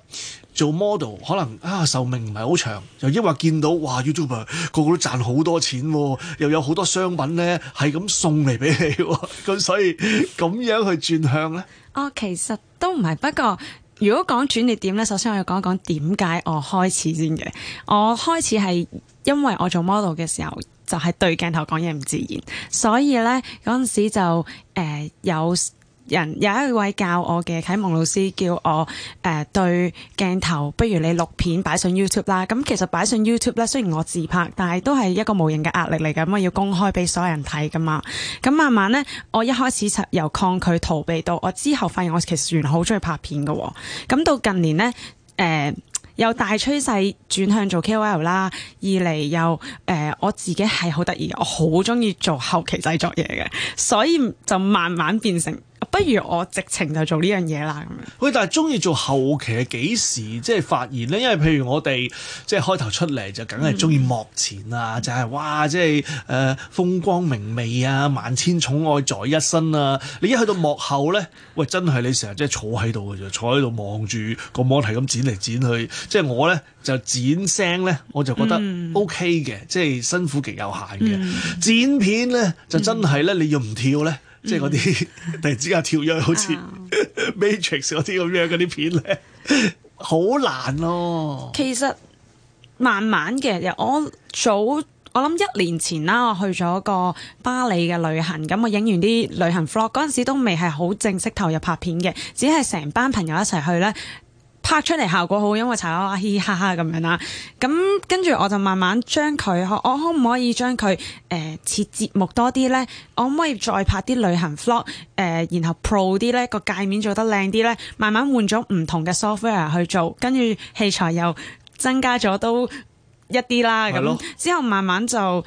做 model 可能啊壽命唔係好長？又抑或見到哇 YouTuber 個個都賺好多錢，啊，又有好多商品咧係咁送嚟俾你，啊，咁所以咁樣去轉向咧？哦，其實都唔係。不過如果講轉捩點咧，首先我要講一講點解我開始先嘅。我開始係因為我做 model 嘅時候。就係對鏡頭講嘢唔自然，所以呢嗰陣時就誒、呃、有人有一位教我嘅啟蒙老師叫我誒、呃、對鏡頭，不如你錄片擺上 YouTube 啦。咁其實擺上 YouTube 咧，雖然我自拍，但係都係一個無形嘅壓力嚟㗎，咁我要公開俾所有人睇㗎嘛。咁慢慢呢，我一開始由抗拒逃避到我之後發現我其實原來好鍾意拍片㗎喎。咁到近年呢。誒、呃。由大趨勢轉向做 KOL 啦，二嚟又誒，我自己係好得意嘅，我好鍾意做後期製作嘢嘅，所以就慢慢變成。不如我直情就做呢樣嘢啦，咁樣。喂，但係中意做後期嘅幾時，即係發現咧？因為譬如我哋即係開頭出嚟就梗係中意幕前、嗯、啊，就係哇，即係誒風光明媚啊，萬千寵愛在一身啊！你一去到幕後咧，喂，真係你成日即係坐喺度嘅啫，坐喺度望住個幕台咁剪嚟剪去。即係我咧就剪聲咧，我就覺得 OK 嘅，嗯、即係辛苦極有限嘅。嗯、剪片咧就真係咧，你要唔跳咧？即係嗰啲突然之間跳躍好，好似、uh. <laughs> Matrix 嗰啲咁樣嗰啲片咧，好 <laughs> 難咯。其實慢慢嘅，我早我諗一年前啦，我去咗個巴黎嘅旅行，咁我影完啲旅行 vlog 嗰陣時都未係好正式投入拍片嘅，只係成班朋友一齊去咧。拍出嚟效果好，因為柴娃娃嘻嘻哈哈咁樣啦。咁跟住我就慢慢將佢，我可唔可以將佢誒設節目多啲呢？我可唔可以再拍啲旅行 vlog 誒、呃，然後 pro 啲呢、這個介面做得靚啲呢？慢慢換咗唔同嘅 software 去做，跟住器材又增加咗都一啲啦。咁的之後慢慢就。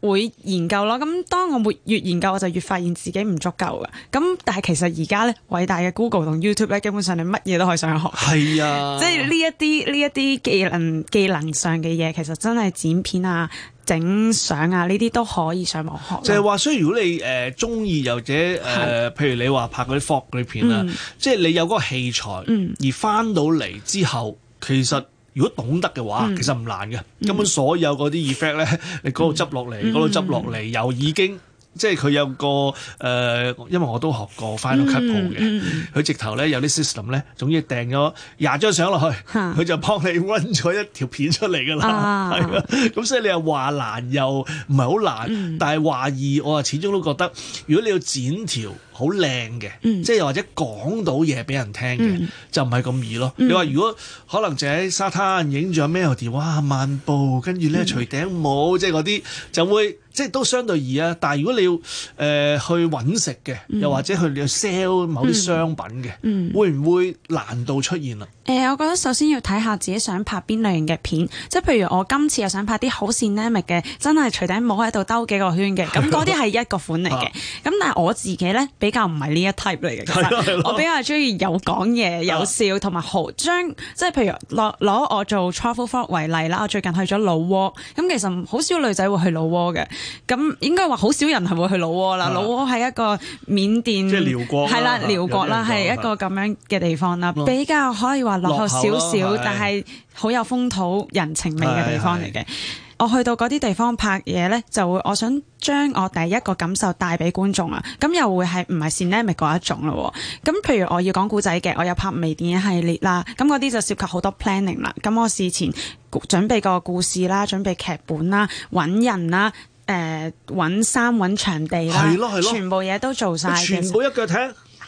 會研究咯，咁當我每越研究，我就越發現自己唔足夠噶。咁但係其實而家咧，偉大嘅 Google 同 YouTube 咧，基本上你乜嘢都可以上去學。係啊，即係呢一啲呢一啲技能技能上嘅嘢，其實真係剪片啊、整相啊呢啲都可以上網學。就係話，所以如果你誒中意，或者誒，呃、的譬如你話拍嗰啲 vlog 啲片啊，嗯、即係你有嗰個器材，嗯、而翻到嚟之後，其實。如果懂得嘅話，嗯、其實唔難嘅。嗯、根本所有嗰啲 effect 咧，嗯、你嗰度執落嚟，嗰度執落嚟，又、嗯、已經即係佢有個誒、呃，因為我都學過 Final Cut Pro 嘅，佢、嗯、直頭咧有啲 system 咧，總之訂咗廿張相落去，佢就幫你 run 咗一條片出嚟㗎啦。係咁、啊、所以你又話難又唔係好難，難，嗯、但係話易，我啊始終都覺得如果你要剪條。好靚嘅，即係又或者講到嘢俾人聽嘅，嗯、就唔係咁易咯。嗯、你話如果可能就喺沙灘影住個 melody，哇漫步，跟住咧隨頂帽，即係嗰啲就會即係都相對易啊。但係如果你要誒、呃、去揾食嘅，嗯、又或者去 sell 某啲商品嘅，嗯嗯、會唔會難度出現啦？誒，我覺得首先要睇下自己想拍邊類型嘅片，即係譬如我今次又想拍啲好 cinematic 嘅，真係除頂帽喺度兜幾個圈嘅，咁嗰啲係一個款嚟嘅。咁、啊、但係我自己咧比較唔係呢一 type 嚟嘅，的我比較中意有講嘢、有笑同埋、啊、好將。即係譬如攞我做 travel vlog 為例啦，我最近去咗老撾，咁其實好少女仔會去老撾嘅，咁應該話好少人係會去老撾啦。老撾係一個緬甸，即係、就是、寮國，係啦，寮國啦，係一個咁樣嘅地方啦，嗯、比較可以話。落後少少，是但係好有風土人情味嘅地方嚟嘅。是是我去到嗰啲地方拍嘢呢，就會我想將我第一個感受帶俾觀眾啊。咁又會係唔係 cinematic 嗰一種咯？咁譬如我要講古仔嘅，我有拍微電影系列啦。咁嗰啲就涉及好多 planning 啦。咁我事前準備個故事啦，準備劇本啦，揾人啦，誒揾衫揾場地啦，係咯係咯，全部嘢都做晒嘅。全部一腳踢。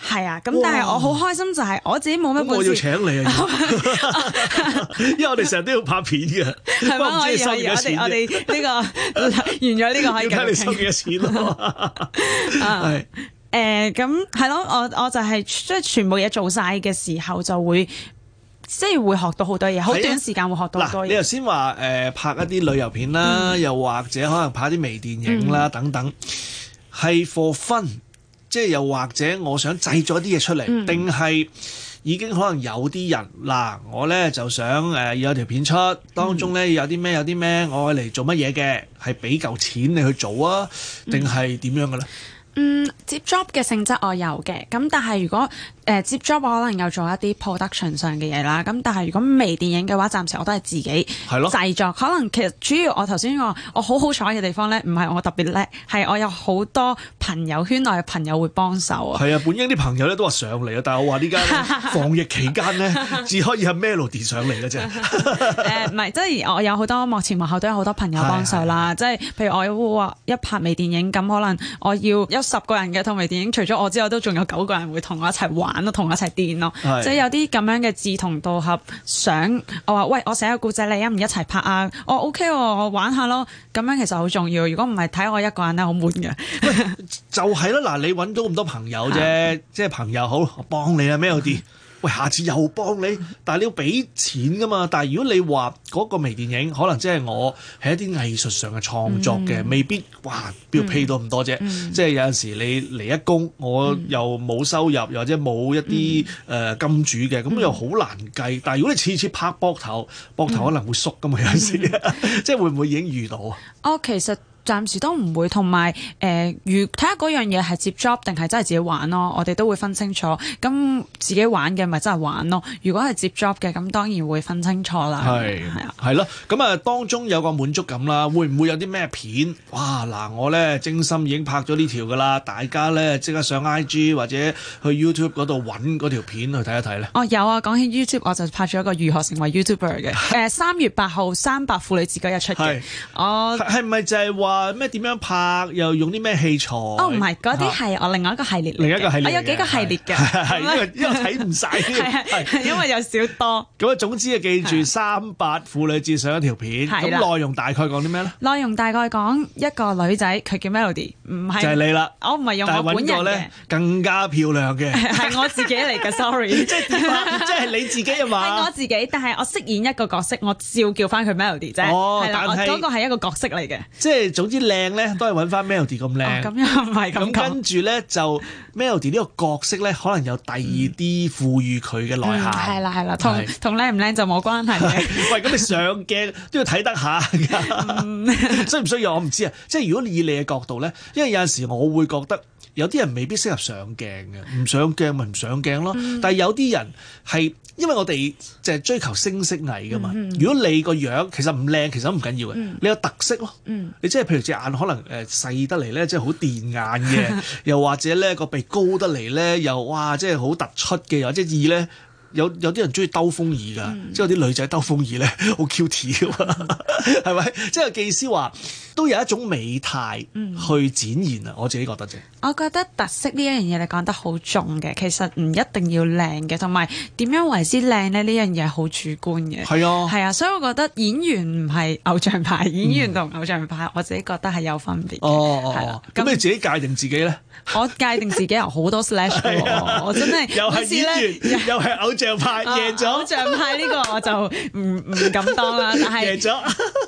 係啊，咁但係我好開心就係我自己冇乜本事，我要請你啊， <laughs> 因為我哋成日都要拍片嘅，唔 <laughs> 吧知可以可以 <laughs> 收我哋呢、這個完咗呢個可以緊。睇你收幾多錢咯。誒 <laughs> 是，咁係咯，我我就係即係全部嘢做晒嘅時候就會，即、就、係、是、會學到好多嘢，好、啊、短時間會學到多嘢。你頭先話誒拍一啲旅遊片啦， <laughs> 又或者可能拍啲微電影啦、嗯、等等，係 for fun。即係又或者，我想製作啲嘢出嚟，定係、嗯、已經可能有啲人嗱，我呢就想誒、呃、有條片出，當中呢有啲咩有啲咩，我嚟做乜嘢嘅，係俾嚿錢你去做啊，定係點樣嘅呢？嗯，接 job 嘅性質我有嘅，咁但係如果誒、呃、接 job 我可能有做一啲 production 上嘅嘢啦，咁但係如果微電影嘅話，暫時我都係自己製作，是咯 可能其實主要我頭先講我我好好彩嘅地方呢，唔係我特別叻，係我有好多，朋友圈內嘅朋友會幫手啊！係啊，本應啲朋友咧都話上嚟啊，但係我話呢間防疫期間咧， <laughs> 只可以係 Melody 上嚟嘅啫。誒唔係，即係我有好多幕前幕後都有好多朋友幫手啦。是是即係譬如我話一拍微電影咁，可能我要有十個人嘅同微電影，除咗我之外，都仲有九個人會同我一齊玩咯，同我一齊電咯。是 即係有啲咁樣嘅志同道合，想我話喂，我寫個故仔你一唔一齊拍啊？我、哦、OK、哦、我玩下咯。咁樣其實好重要。如果唔係睇我一個人咧，好悶嘅。 <laughs> 就係啦，嗱，你揾到咁多朋友啫，啊、即係朋友好，我幫你啊，咩有啲，喂，下次又幫你，但係你要俾錢噶嘛？但係如果你話嗰個微電影，可能即係我係一啲藝術上嘅創作嘅，嗯、未必哇，要 pay 到咁多啫。嗯嗯、即係有陣時你嚟一工，我又冇收入，又或者冇一啲誒金主嘅，咁、嗯、又好難計。但係如果你次次拍膊頭，膊頭可能會縮噶嘛，有陣時，嗯嗯嗯、 <laughs> 即係會唔會已經遇到啊？我、哦、其實。暫時都唔會，同埋誒，如睇下嗰樣嘢係接 job 定係真係自己玩咯？我哋都會分清楚。咁自己玩嘅咪真係玩咯。如果係接 job 嘅，咁當然會分清楚啦。係係是啊，係咯。咁啊，啊當中有個滿足感啦。會唔會有啲咩片哇？嗱，我咧精心已經拍咗呢條噶啦，大家咧即刻上 I G 或者去 YouTube 嗰度揾嗰條片去睇一睇咧。哦，有啊。講起 YouTube，我就拍咗一個如何成為 YouTuber 嘅。誒、 <laughs> 呃，三月八號三百婦女節嗰日出嘅。是我係咪就係話？啊！咩點樣拍？又用啲咩器材？哦，唔係嗰啲係我另外一個系列。另一個系列，我有幾個系列嘅。係係，因為因為睇唔晒啲。係係，因為有少多。咁啊，總之啊，記住三八婦女節上一條片。係啦。咁內容大概講啲咩咧？內容大概講一個女仔，佢叫 Melody，唔係就係你啦。我唔係用我本人嘅。但係揾過咧更加漂亮嘅。係我自己嚟嘅，sorry。即係點啊？即係你自己啊嘛。係我自己，但係我飾演一個角色，我照叫返佢 Melody 啫。哦。係啦，嗰個係一個角色嚟嘅。即係。總之靚咧，都係揾翻 Melody 咁靚。咁樣，唔係咁。咁跟住咧就。Melody 呢個角色咧，可能有第二啲賦予佢嘅內涵。係啦，係啦，同同靚唔靚就冇關係嘅。喂，咁你上鏡都要睇得下㗎，需唔需要我唔知啊。即係如果以你嘅角度咧，因為有陣時我會覺得有啲人未必適合上鏡嘅，唔上鏡咪唔上鏡咯。嗯、但係有啲人係因為我哋淨係追求聲色藝㗎嘛。嗯、如果你個樣其實唔靚，其實都唔緊要嘅，嗯、你有特色咯。嗯、你即係譬如隻眼可能誒細得嚟咧，即係好電眼嘅，又或者咧個鼻。高得嚟咧，又哇，即係好突出嘅，又即係二咧。有有啲人中意兜風耳㗎，即有啲女仔兜風耳咧，好 cute 啊，係咪？即係技師話都有一種美態去展現啊，我自己覺得啫。我覺得特色呢一樣嘢你講得好重嘅，其實唔一定要靚嘅，同埋點樣為之靚呢？呢樣嘢好主觀嘅。係啊，係啊，所以我覺得演員唔係偶像派，演員同偶像派我自己覺得係有分別哦哦，係啊，咁你自己界定自己咧？我界定自己有好多 slash 㗎，我真係又係演員，又係偶像。就拍贏咗，偶像派呢個我就唔唔 <laughs> 敢當啦。但係，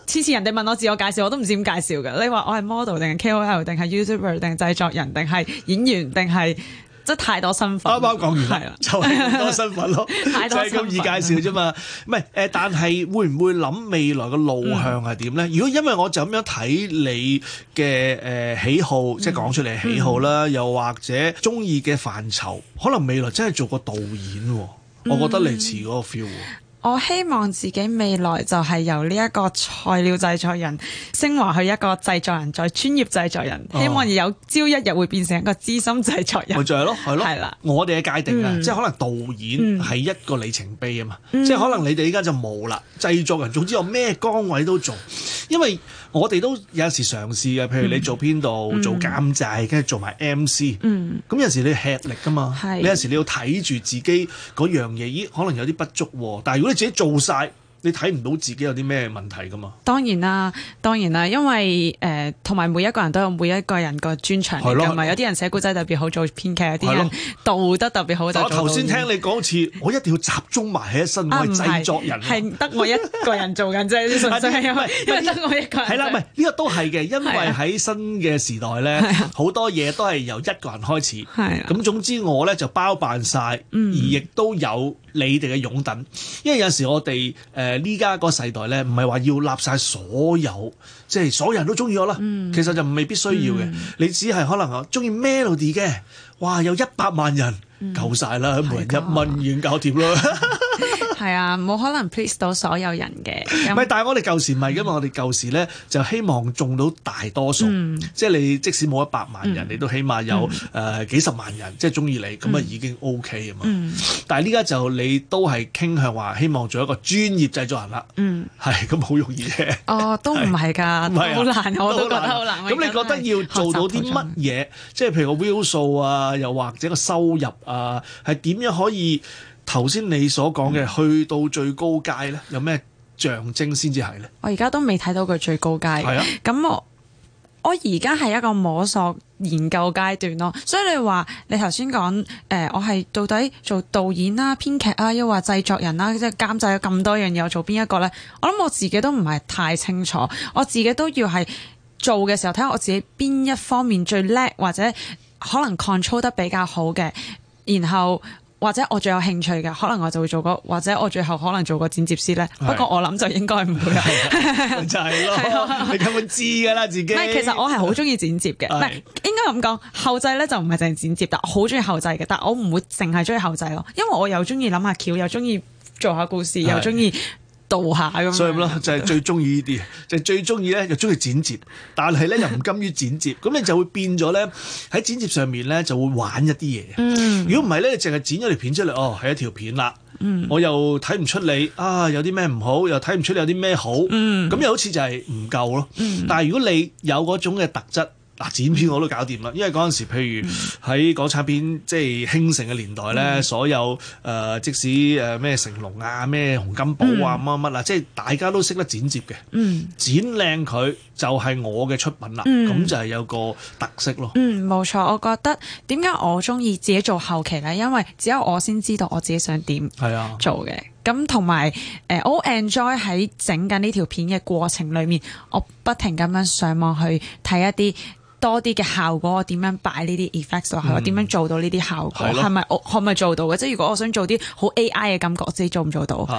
次次 <laughs> 人哋問我自我介紹，我都唔知點介紹嘅。你話我係 model 定係 KOL 定係 YouTuber 定係製作人定係演員定係，即係太多身份。包包講完係啦，了 <laughs> 就多身份咯，太多 <laughs> 就係咁易介紹啫嘛。唔係誒，但係會唔會諗未來嘅路向係點咧？嗯、如果因為我就咁樣睇你嘅誒喜好，即係講出嚟喜好啦，嗯、又或者中意嘅範疇，可能未來真係做個導演。我覺得你遲嗰個 feel、嗯。我希望自己未來就係由呢一個材料製作人，昇華去一個製作人，再專業製作人，希望有朝一日會變成一個資深製作人。咪就係咯，係咯，係啦。我哋嘅界定啊，嗯、即係可能導演係一個里程碑啊嘛，嗯、即係可能你哋依家就冇啦。製作人，總之有咩崗位都做，因為。我哋都有時嘗試嘅，譬如你做編導、嗯、做監製，跟住做埋 MC，咁、嗯、有時你吃力㗎嘛，是你有時你要睇住自己嗰樣嘢，咦，可能有啲不足喎，但係如果你自己做晒。你睇唔到自己有啲咩問題㗎嘛？當然啦，當然啦，因為誒同埋每一個人都有每一個人個專長，同埋有啲人寫故仔特別好，做編劇，有啲人導得特別好。我頭先聽你講次，我一定要集中埋喺身為製作人，係得我一個人做緊啫，呢個真係因為得我一個人。係啦，唔係呢個都係嘅，因為喺新嘅時代咧，好多嘢都係由一個人開始。係咁，總之我咧就包辦晒，而亦都有。你哋嘅擁躉，因為有時我哋誒呢家個世代咧，唔係話要立晒所有，即係所有人都中意我啦。嗯、其實就未必需要嘅，嗯、你只係可能中意 melody 嘅，哇，有一百萬人夠晒啦，每、嗯、人一蚊軟膠貼囉。的 <laughs> 係啊，冇可能 please 到所有人嘅。唔係，但係我哋舊時唔係因為，我哋舊時咧就希望中到大多數，即係你即使冇一百萬人，你都起碼有誒幾十萬人，即係中意你，咁啊已經 OK 啊嘛。但係呢家就你都係傾向話希望做一個專業製作人啦。嗯，係咁好容易嘅。哦，都唔係噶，好難，我都覺得好難。咁你覺得要做到啲乜嘢？即係譬如個 view 數啊，又或者個收入啊，係點樣可以？頭先你所講嘅，嗯、去到最高階呢，有咩象徵先至係呢？我而家都未睇到佢最高階。係啊，咁我我而家係一個摸索研究階段咯。所以你話，你頭先講誒，我係到底做導演啦、編劇啊，又話製作人啦、啊，即係監製咁多樣嘢，我做邊一個呢？我諗我自己都唔係太清楚，我自己都要係做嘅時候睇下我自己邊一方面最叻，或者可能 control 得比較好嘅，然後。或者我最有興趣嘅，可能我就會做個，或者我最後可能做個剪接師咧。是不過我諗就應該唔會有，的 <laughs> 就係咯，的你根本知㗎啦，自己。唔係，其實我係好中意剪接嘅，唔係是應該咁講。後製咧就唔係淨係剪接，但好中意後製嘅。但我唔會淨係中意後製咯，因為我又中意諗下橋，又中意做下故事，的又中意。道下咁，所以咁咯， <laughs> 就係最中意呢啲，就係最中意咧，又中意剪接，但係咧又唔甘於剪接，咁 <laughs> 你就會變咗咧喺剪接上面咧就會玩一啲嘢。如果唔係咧，你淨係剪咗條片出嚟，哦，係一條片啦，嗯、我又睇唔出你啊有啲咩唔好，又睇唔出你有啲咩好，咁又好似就係唔夠咯。但係如果你有嗰種嘅特質。剪片我都搞掂啦，因為嗰陣時，譬如喺港產片即係興盛嘅年代咧，嗯、所有誒、呃、即使誒咩成龍啊、咩洪金寶啊、乜乜啊，即係大家都識得剪接嘅，嗯、剪靚佢就係我嘅出品啦，咁、嗯、就係有個特色咯。嗯，冇錯，我覺得點解我中意自己做後期咧？因為只有我先知道我自己想點係啊做嘅，咁同埋誒，我 enjoy 喺整緊呢條片嘅過程裏面，我不停咁樣上網上去睇一啲。多啲嘅效果，我點樣擺呢啲 effects 落去？我點樣做到呢啲效果？係咪我可唔可以做到嘅的？即係如果我想做啲好 AI 嘅感覺，我自己做唔做到？係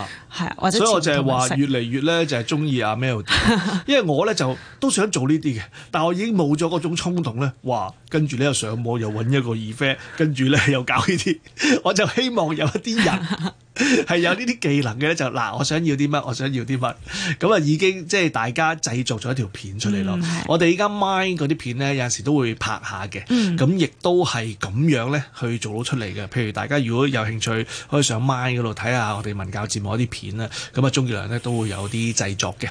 啊，或者？所以我就係話越嚟越咧，就係中意阿 Melody, <laughs> 因為我咧就都想做呢啲嘅，但我已經冇咗嗰種衝動咧，話跟住咧又上網又揾一個 effect 跟住咧又搞呢啲，我就希望有一啲人。 <laughs> 係 <laughs> 有呢啲技能嘅咧，就嗱，我想要啲乜，我想要啲乜，咁啊，已經即係大家製作咗一條片出嚟咯。嗯、我哋依家 m i n d 嗰啲片咧，有陣時都會拍下嘅，咁亦、嗯、都係咁樣咧去做到出嚟嘅。譬如大家如果有興趣，可以上 m i n d 嗰度睇下我哋文教節目一啲片啦。咁啊，鍾傑良咧都會有啲製作嘅。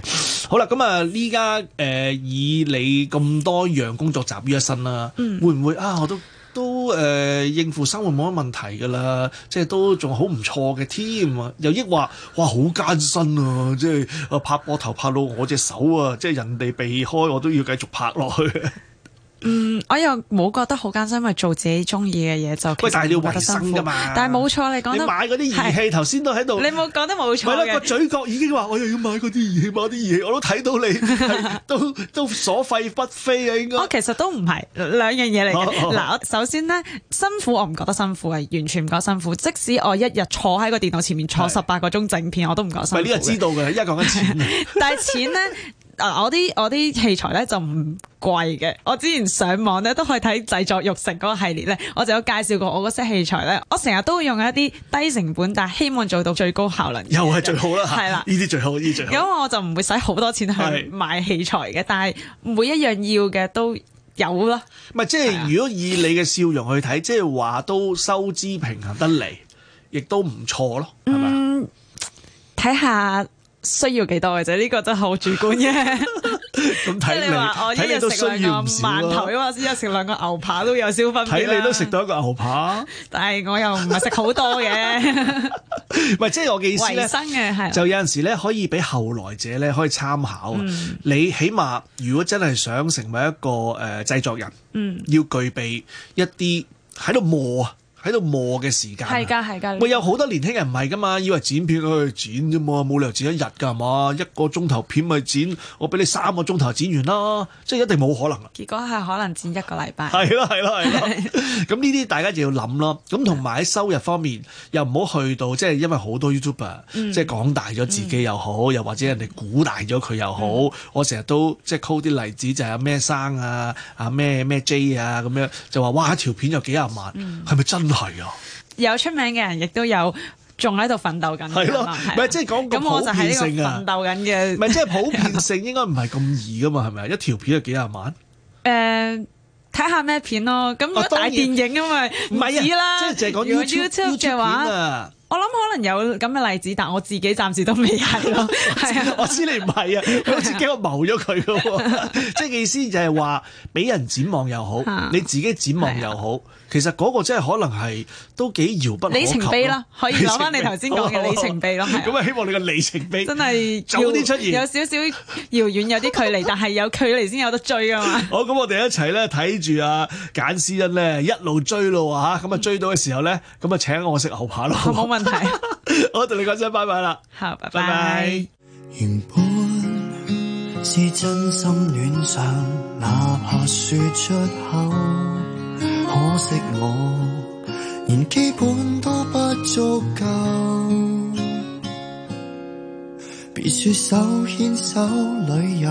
好啦，咁啊，依家誒以你咁多樣工作集於一身啦，嗯、會唔會啊？我都都誒、呃、應付生活冇乜問題㗎啦，即係都仲好唔錯嘅添啊！又抑話哇好艱辛啊，即係拍波頭拍到我隻手啊，即係人哋避開我都要繼續拍落去。 <laughs> 嗯，我又冇覺得好艱辛，咪做自己中意嘅嘢就。喂，但係你要維生㗎嘛？但係冇錯，你講得。你買嗰啲儀器，頭先是都喺度。你冇講得冇錯嘅。係啦，個嘴角已經話，我又要買嗰啲儀器，買嗰啲儀器我都睇到你， <laughs> 都都所費不菲啊！應該。我其實都唔係兩樣嘢嚟嘅。嗱、哦，哦、首先咧，辛苦我唔覺得辛苦，係完全唔覺得辛苦。即使我一日坐喺個電腦前面坐十八個鐘整片，是我都唔覺得辛苦。係呢個知道嘅，一為講緊錢。 <laughs> 但係錢咧。 <laughs> 啊！我啲我啲器材咧就唔貴嘅。我之前上網咧都可以睇製作肉食嗰個系列咧，我就有介紹過我嗰些器材咧。我成日都會用一啲低成本，但係希望做到最高效能，又係最好啦。係啦了，呢啲最好，呢啲最好。咁我就唔會使好多錢去買器材嘅，是但係每一樣要嘅都有咯。唔係，即係如果以你嘅笑容去睇，即係話都收支平衡得嚟，亦都唔錯咯。係嘛？睇下。需要幾多嘅啫？呢、呢個真係好主觀嘅。 <laughs> 即係你話我一日食兩個饅頭， <laughs> 因為先有食兩個牛扒都有燒分。睇 <laughs> 你都食到一個牛扒， <laughs> 但係我又唔係食好多嘅。唔係，即係我嘅意思咧，生就有陣時咧可以俾後來者咧可以參考。嗯、你起碼如果真係想成為一個誒製作人，嗯，要具備一啲喺度磨。喺度磨嘅時間，係㗎係㗎。會有好多年輕人唔係㗎嘛？以為剪片去剪啫嘛，冇理由剪一日㗎係嘛？一個鐘頭片咪剪，我俾你三個鐘頭剪完啦，即係一定冇可能。結果係可能剪一個禮拜。係咯係咯係咯。咁呢啲大家就要諗啦。咁同埋喺收入方面，又唔好去到即係因為好多 YouTuber 即係講大咗自己又好，又或者人哋鼓大咗佢又好。我成日都即係溝啲例子就係咩生啊，阿咩咩 J 啊咁樣，就話哇一條片有幾廿萬，係咪真？係啊，有出名嘅人，亦都有仲喺度奮鬥緊。係咯，唔係即係講普遍性啊！奮鬥緊嘅，唔係即係普遍性，應該唔係咁易噶嘛？係咪啊？就一條片啊，幾十萬？誒，睇下咩片咯。咁都大電影啊嘛，唔止啦。即係淨係講 YouTube 嘅話！我諗可能有咁嘅例子，但我自己暫時都未係咯。係、啊、 <laughs> 我知你唔係啊，好似驚我謀咗佢噶喎。即係意思就係話，俾人展望又好，嗯、你自己展望又好，嗯、其實嗰個真係可能係都幾遙不可及。里程碑咯，可以攞翻你頭先講嘅里程碑咯。咁好啊， <laughs> 好啊 <laughs> 希望你嘅里程碑真係早啲出現，有少少遙遠有啲距離， <laughs> 但係有距離先有得追啊嘛。好、啊，咁我哋一齊咧睇住啊，簡思恩咧一路追咯啊！咁啊 <laughs> <laughs> 追到嘅時候咧，咁啊請我食牛扒咯。冇、 <laughs> 哦、問。 <laughs> <laughs> 我同你講聲拜拜啦。好，拜拜 bye。原本是真心戀上，哪怕說出口，可惜我連基本都不足夠。別說手牽手旅遊，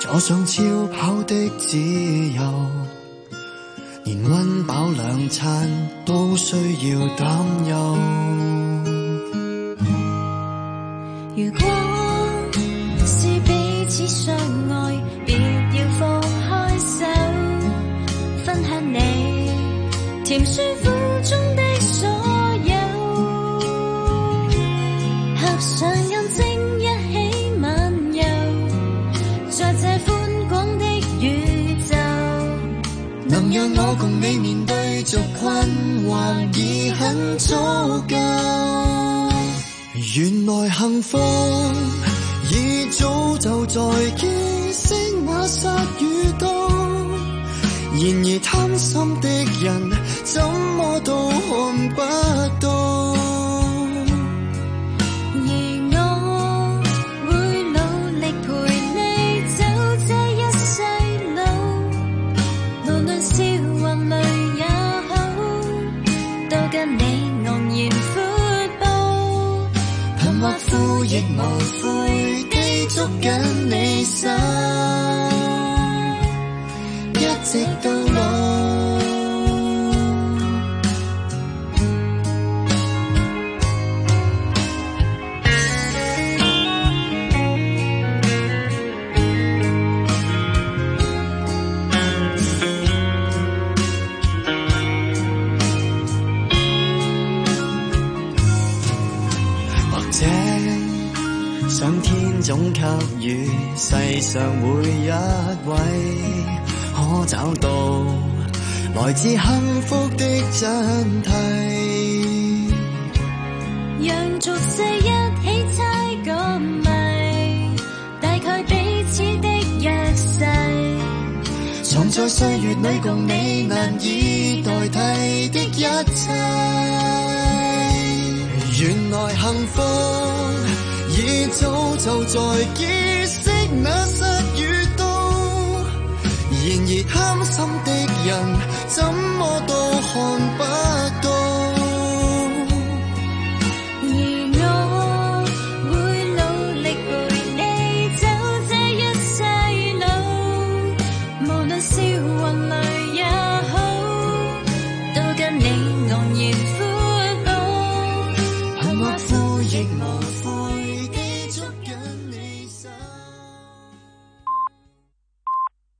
坐上超跑的自由。連溫飽兩餐都需要擔憂。 <noise> 如果是彼此相愛，別要放開手，分享你甜酸苦。讓我共你面對着困惑已很足夠，原來幸福已早就在結識那剎遇到，然而貪心的人怎麼都看不到。亦無悔地捉緊你手，一直到老。與世上每一位，可找到來自幸福的真諦。讓俗世一起猜個謎，大概彼此的弱勢，藏在歲月裏，共你難以代替的一切。原來幸福。早就在結識那失與到，然而貪心的人怎麼都看不到。